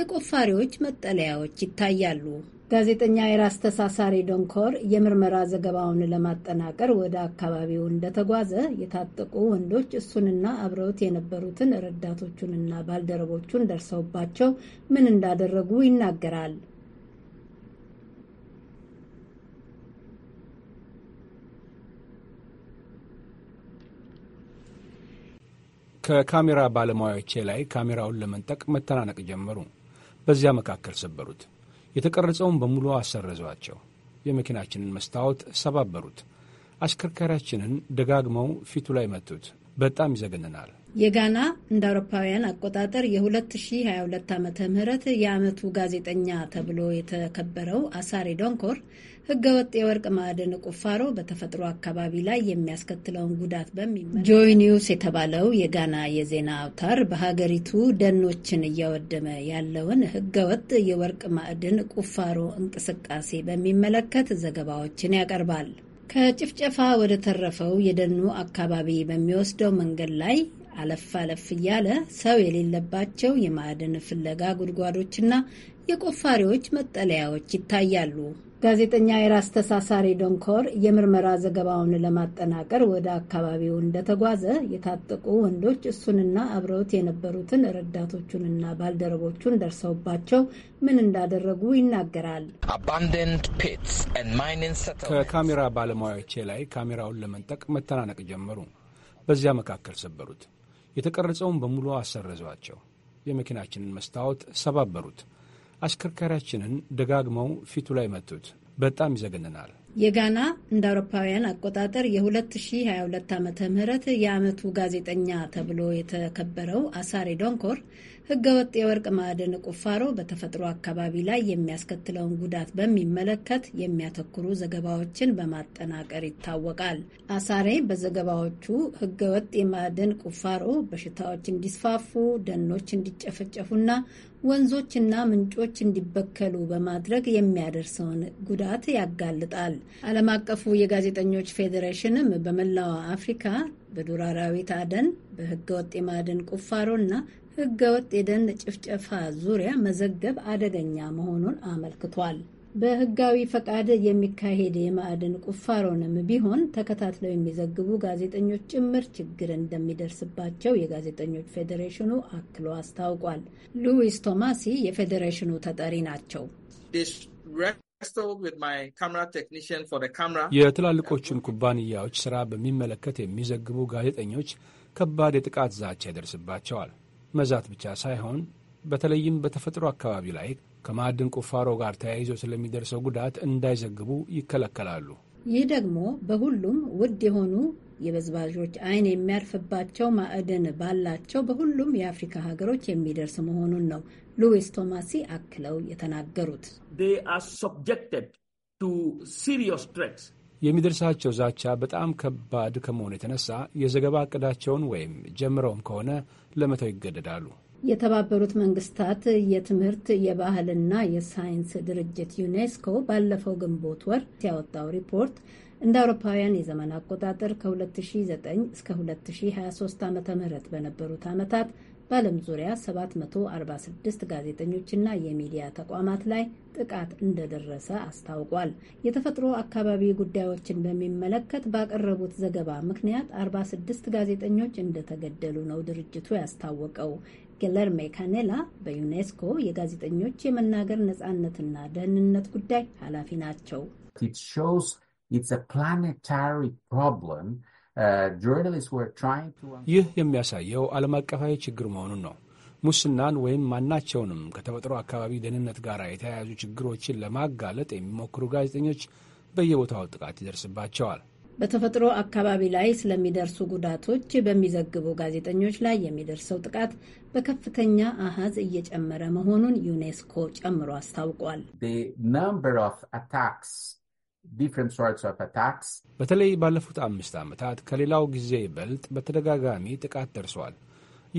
የቆፋሪዎች መጠለያዎች ይታያሉ። ጋዜጠኛ የራስ ተሳሳሪ ዶንኮር የምርመራ ዘገባውን ለማጠናቀር ወደ አካባቢው እንደተጓዘ የታጠቁ ወንዶች እሱንና አብረውት የነበሩትን ረዳቶቹንና ባልደረቦቹን ደርሰውባቸው ምን እንዳደረጉ ይናገራል። ከካሜራ ባለሙያዎቼ ላይ ካሜራውን ለመንጠቅ መተናነቅ ጀመሩ። በዚያ መካከል ሰበሩት። የተቀረጸውን በሙሉ አሰረዟቸው። የመኪናችንን መስታወት ሰባበሩት። አሽከርካሪያችንን ደጋግመው ፊቱ ላይ መቱት። በጣም ይዘገንናል። የጋና እንደ አውሮፓውያን አቆጣጠር የ2022 ዓ ም የአመቱ ጋዜጠኛ ተብሎ የተከበረው አሳሬ ዶንኮር ህገወጥ የወርቅ ማዕድን ቁፋሮ በተፈጥሮ አካባቢ ላይ የሚያስከትለውን ጉዳት በሚመ ጆይ ኒውስ የተባለው የጋና የዜና አውታር በሀገሪቱ ደኖችን እያወደመ ያለውን ህገወጥ የወርቅ ማዕድን ቁፋሮ እንቅስቃሴ በሚመለከት ዘገባዎችን ያቀርባል። ከጭፍጨፋ ወደ ተረፈው የደኑ አካባቢ በሚወስደው መንገድ ላይ አለፍ አለፍ እያለ ሰው የሌለባቸው የማዕድን ፍለጋ ጉድጓዶችና የቆፋሪዎች መጠለያዎች ይታያሉ። ጋዜጠኛ የራስ ተሳሳሪ ዶንኮር የምርመራ ዘገባውን ለማጠናቀር ወደ አካባቢው እንደተጓዘ የታጠቁ ወንዶች እሱንና አብረውት የነበሩትን ረዳቶቹንና ባልደረቦቹን ደርሰውባቸው ምን እንዳደረጉ ይናገራል። ከካሜራ ባለሙያዎቼ ላይ ካሜራውን ለመንጠቅ መተናነቅ ጀመሩ። በዚያ መካከል ሰበሩት። የተቀረጸውን በሙሉ አሰረዟቸው። የመኪናችንን መስታወት ሰባበሩት። አሽከርካሪያችንን ደጋግመው ፊቱ ላይ መቱት። በጣም ይዘገንናል። የጋና እንደ አውሮፓውያን አቆጣጠር የ2022 ዓ ም የአመቱ ጋዜጠኛ ተብሎ የተከበረው አሳሬ ዶንኮር ህገወጥ የወርቅ ማዕድን ቁፋሮ በተፈጥሮ አካባቢ ላይ የሚያስከትለውን ጉዳት በሚመለከት የሚያተኩሩ ዘገባዎችን በማጠናቀር ይታወቃል። አሳሬ በዘገባዎቹ ህገወጥ የማዕድን ቁፋሮ በሽታዎች እንዲስፋፉ፣ ደኖች እንዲጨፈጨፉና ወንዞችና ምንጮች እንዲበከሉ በማድረግ የሚያደርሰውን ጉዳት ያጋልጣል። ዓለም አቀፉ የጋዜጠኞች ፌዴሬሽንም በመላዋ አፍሪካ በዱር አራዊት አደን፣ በህገወጥ የማዕድን ቁፋሮና ህገወጥ የደን ጭፍጨፋ ዙሪያ መዘገብ አደገኛ መሆኑን አመልክቷል። በህጋዊ ፈቃድ የሚካሄድ የማዕድን ቁፋሮንም ቢሆን ተከታትለው የሚዘግቡ ጋዜጠኞች ጭምር ችግር እንደሚደርስባቸው የጋዜጠኞች ፌዴሬሽኑ አክሎ አስታውቋል። ሉዊስ ቶማሲ የፌዴሬሽኑ ተጠሪ ናቸው። የትላልቆቹን ኩባንያዎች ስራ በሚመለከት የሚዘግቡ ጋዜጠኞች ከባድ የጥቃት ዛቻ ይደርስባቸዋል። መዛት ብቻ ሳይሆን በተለይም በተፈጥሮ አካባቢ ላይ ከማዕድን ቁፋሮ ጋር ተያይዞ ስለሚደርሰው ጉዳት እንዳይዘግቡ ይከለከላሉ። ይህ ደግሞ በሁሉም ውድ የሆኑ የበዝባዦች ዓይን የሚያርፍባቸው ማዕድን ባላቸው በሁሉም የአፍሪካ ሀገሮች የሚደርስ መሆኑን ነው ሉዊስ ቶማሲ አክለው የተናገሩት። የሚደርሳቸው ዛቻ በጣም ከባድ ከመሆኑ የተነሳ የዘገባ እቅዳቸውን ወይም ጀምረውም ከሆነ ለመተው ይገደዳሉ። የተባበሩት መንግስታት የትምህርት የባህልና የሳይንስ ድርጅት ዩኔስኮ ባለፈው ግንቦት ወር ያወጣው ሪፖርት እንደ አውሮፓውያን የዘመን አቆጣጠር ከ2009 እስከ 2023 ዓ ም በነበሩት ዓመታት በዓለም ዙሪያ 746 ጋዜጠኞችና የሚዲያ ተቋማት ላይ ጥቃት እንደደረሰ አስታውቋል። የተፈጥሮ አካባቢ ጉዳዮችን በሚመለከት ባቀረቡት ዘገባ ምክንያት 46 ጋዜጠኞች እንደተገደሉ ነው ድርጅቱ ያስታወቀው። ጌለርሜ ካኔላ በዩኔስኮ የጋዜጠኞች የመናገር ነጻነትና ደህንነት ጉዳይ ኃላፊ ናቸው። ይህ የሚያሳየው ዓለም አቀፋዊ ችግር መሆኑን ነው። ሙስናን ወይም ማናቸውንም ከተፈጥሮ አካባቢ ደህንነት ጋር የተያያዙ ችግሮችን ለማጋለጥ የሚሞክሩ ጋዜጠኞች በየቦታው ጥቃት ይደርስባቸዋል። በተፈጥሮ አካባቢ ላይ ስለሚደርሱ ጉዳቶች በሚዘግቡ ጋዜጠኞች ላይ የሚደርሰው ጥቃት በከፍተኛ አሃዝ እየጨመረ መሆኑን ዩኔስኮ ጨምሮ አስታውቋል። በተለይ ባለፉት አምስት ዓመታት ከሌላው ጊዜ ይበልጥ በተደጋጋሚ ጥቃት ደርሷል።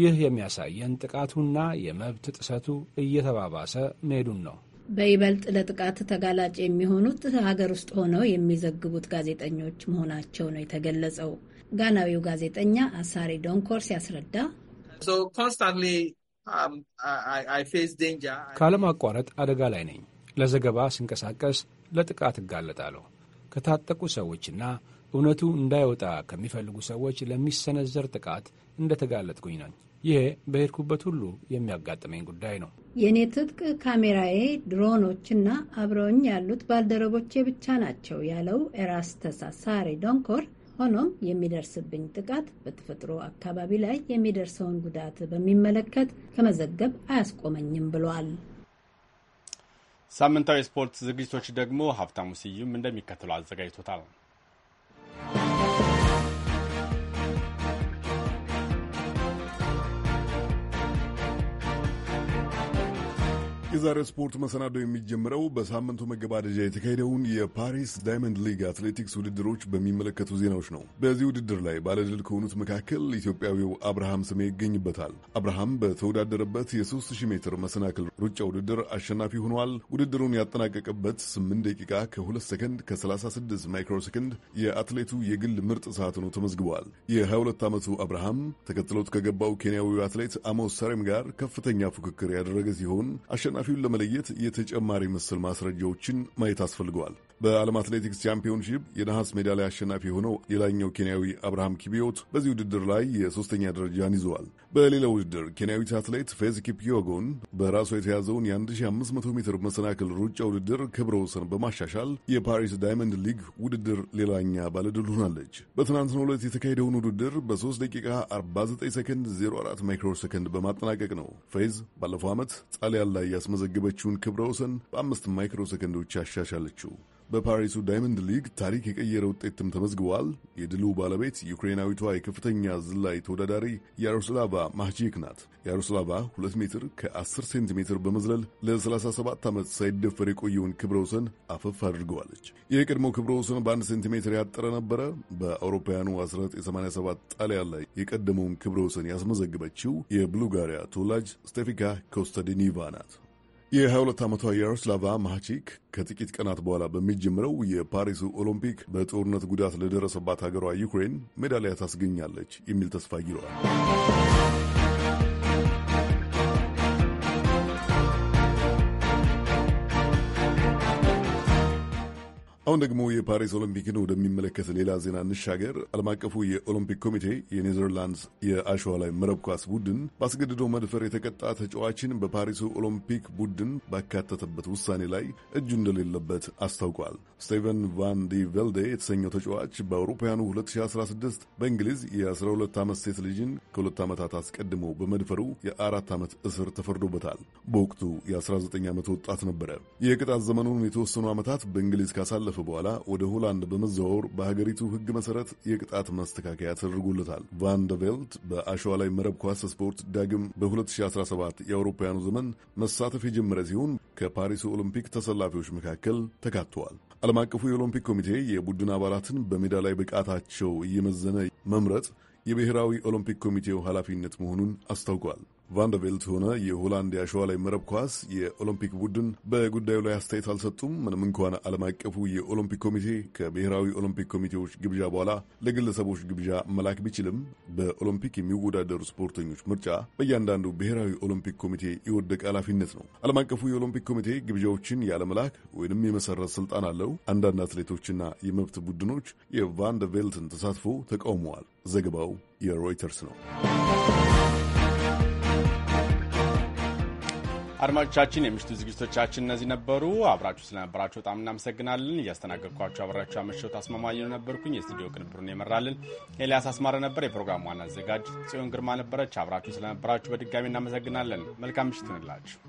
ይህ የሚያሳየን ጥቃቱና የመብት ጥሰቱ እየተባባሰ መሄዱን ነው። በይበልጥ ለጥቃት ተጋላጭ የሚሆኑት ሀገር ውስጥ ሆነው የሚዘግቡት ጋዜጠኞች መሆናቸው ነው የተገለጸው። ጋናዊው ጋዜጠኛ አሳሪ ዶንኮር ሲያስረዳ ካለማቋረጥ um, አደጋ ላይ ነኝ። ለዘገባ ስንቀሳቀስ ለጥቃት እጋለጣለሁ። ከታጠቁ ሰዎችና እውነቱ እንዳይወጣ ከሚፈልጉ ሰዎች ለሚሰነዘር ጥቃት እንደተጋለጥኩኝ ነኝ። ይሄ በሄድኩበት ሁሉ የሚያጋጥመኝ ጉዳይ ነው። የእኔ ትጥቅ ካሜራዬ፣ ድሮኖችና አብረውኝ ያሉት ባልደረቦቼ ብቻ ናቸው ያለው ኤራስተስ አሳሪ ዶንኮር፣ ሆኖም የሚደርስብኝ ጥቃት በተፈጥሮ አካባቢ ላይ የሚደርሰውን ጉዳት በሚመለከት ከመዘገብ አያስቆመኝም ብሏል። ሳምንታዊ የስፖርት ዝግጅቶች ደግሞ ሀብታሙ ስዩም እንደሚከተለው አዘጋጅቶታል። የዛሬው ስፖርት መሰናዶ የሚጀምረው በሳምንቱ መገባደጃ የተካሄደውን የፓሪስ ዳይመንድ ሊግ አትሌቲክስ ውድድሮች በሚመለከቱ ዜናዎች ነው። በዚህ ውድድር ላይ ባለድል ከሆኑት መካከል ኢትዮጵያዊው አብርሃም ስሜ ይገኝበታል። አብርሃም በተወዳደረበት የ3000 ሜትር መሰናክል ሩጫ ውድድር አሸናፊ ሆኗል። ውድድሩን ያጠናቀቀበት 8 ደቂቃ ከ2 ሰከንድ ከ36 ማይክሮ ሰከንድ የአትሌቱ የግል ምርጥ ሰዓት ነው ተመዝግበዋል። የ22 ዓመቱ አብርሃም ተከትሎት ከገባው ኬንያዊው አትሌት አሞስ ሰሬም ጋር ከፍተኛ ፉክክር ያደረገ ሲሆን አሸናፊ አሸናፊውን ለመለየት የተጨማሪ ምስል ማስረጃዎችን ማየት አስፈልገዋል። በዓለም አትሌቲክስ ቻምፒዮንሺፕ የነሐስ ሜዳሊያ አሸናፊ የሆነው ሌላኛው ኬንያዊ አብርሃም ኪቢዮት በዚህ ውድድር ላይ የሦስተኛ ደረጃን ይዘዋል። በሌላ ውድድር ኬንያዊት አትሌት ፌዝ ኪፕዮጎን በራሷ የተያዘውን የ1500 ሜትር መሰናክል ሩጫ ውድድር ክብረ ወሰን በማሻሻል የፓሪስ ዳይመንድ ሊግ ውድድር ሌላኛ ባለድል ሆናለች። በትናንትናው ዕለት የተካሄደውን ውድድር በ3 ደቂቃ 49 ሰከንድ 04 ማይክሮ ሰከንድ በማጠናቀቅ ነው። ፌዝ ባለፈው ዓመት ጣሊያን ላይ ያስመዘገበችውን ክብረ ወሰን በአምስት ማይክሮ ሰከንዶች ያሻሻለችው። በፓሪሱ ዳይመንድ ሊግ ታሪክ የቀየረ ውጤትም ተመዝግቧል። የድሉ ባለቤት ዩክሬናዊቷ የከፍተኛ ዝላይ ተወዳዳሪ ያሮስላቫ ማህቼክ ናት። ያሮስላቫ 2 ሜትር ከ10 ሴንቲሜትር በመዝለል ለ37 ዓመት ሳይደፈር የቆየውን ክብረ ወሰን አፈፍ አድርገዋለች። የቀድሞ ክብረ ወሰን በ1 ሴንቲሜትር ያጠረ ነበረ። በአውሮፓውያኑ 1987 ጣሊያን ላይ የቀደመውን ክብረ ወሰን ያስመዘግበችው የቡልጋሪያ ተወላጅ ስቴፊካ ኮስተዲኒቫ ናት። የ22 ዓመቷ ያሮስላቫ ማቺክ ከጥቂት ቀናት በኋላ በሚጀምረው የፓሪሱ ኦሎምፒክ በጦርነት ጉዳት ለደረሰባት ሀገሯ ዩክሬን ሜዳሊያ ታስገኛለች የሚል ተስፋ ይለዋል። አሁን ደግሞ የፓሪስ ኦሎምፒክን ወደሚመለከት ሌላ ዜና እንሻገር። ዓለም አቀፉ የኦሎምፒክ ኮሚቴ የኔዘርላንድስ የአሸዋ ላይ መረብ ኳስ ቡድን በአስገድዶ መድፈር የተቀጣ ተጫዋችን በፓሪሱ ኦሎምፒክ ቡድን ባካተተበት ውሳኔ ላይ እጁ እንደሌለበት አስታውቋል። ስቴቨን ቫን ዲ ቬልዴ የተሰኘው ተጫዋች በአውሮፓውያኑ 2016 በእንግሊዝ የ12 ዓመት ሴት ልጅን ከሁለት ዓመታት አስቀድሞ በመድፈሩ የአራት ዓመት እስር ተፈርዶበታል። በወቅቱ የ19 ዓመት ወጣት ነበረ። የቅጣት ዘመኑን የተወሰኑ ዓመታት በእንግሊዝ ካሳለፈ ካለፈ በኋላ ወደ ሆላንድ በመዘዋወር በሀገሪቱ ሕግ መሰረት የቅጣት ማስተካከያ ተደርጎለታል። ቫንደቬልት በአሸዋ ላይ መረብ ኳስ ስፖርት ዳግም በ2017 የአውሮፓውያኑ ዘመን መሳተፍ የጀመረ ሲሆን ከፓሪስ ኦሎምፒክ ተሰላፊዎች መካከል ተካተዋል። ዓለም አቀፉ የኦሎምፒክ ኮሚቴ የቡድን አባላትን በሜዳ ላይ ብቃታቸው እየመዘነ መምረጥ የብሔራዊ ኦሎምፒክ ኮሚቴው ኃላፊነት መሆኑን አስታውቋል። ቫንደቤልት ሆነ የሆላንድ ያሸዋ ላይ መረብ ኳስ የኦሎምፒክ ቡድን በጉዳዩ ላይ አስተያየት አልሰጡም። ምንም እንኳን ዓለም አቀፉ የኦሎምፒክ ኮሚቴ ከብሔራዊ ኦሎምፒክ ኮሚቴዎች ግብዣ በኋላ ለግለሰቦች ግብዣ መላክ ቢችልም በኦሎምፒክ የሚወዳደሩ ስፖርተኞች ምርጫ በእያንዳንዱ ብሔራዊ ኦሎምፒክ ኮሚቴ የወደቀ ኃላፊነት ነው። ዓለም አቀፉ የኦሎምፒክ ኮሚቴ ግብዣዎችን ያለመላክ ወይንም የመሰረት ስልጣን አለው። አንዳንድ አትሌቶችና የመብት ቡድኖች የቫንደቬልትን ተሳትፎ ተቃውመዋል። ዘገባው የሮይተርስ ነው። አድማጮቻችን የምሽቱ ዝግጅቶቻችን እነዚህ ነበሩ። አብራችሁ ስለነበራችሁ በጣም እናመሰግናለን። እያስተናገድኳችሁ አብራችሁ አመሸሁት አስማማየ ነበርኩኝ። የስቱዲዮ ቅንብሩን የመራልን ኤልያስ አስማረ ነበር። የፕሮግራሙ ዋና አዘጋጅ ጽዮን ግርማ ነበረች። አብራችሁ ስለነበራችሁ በድጋሚ እናመሰግናለን። መልካም ምሽት ይሁንላችሁ።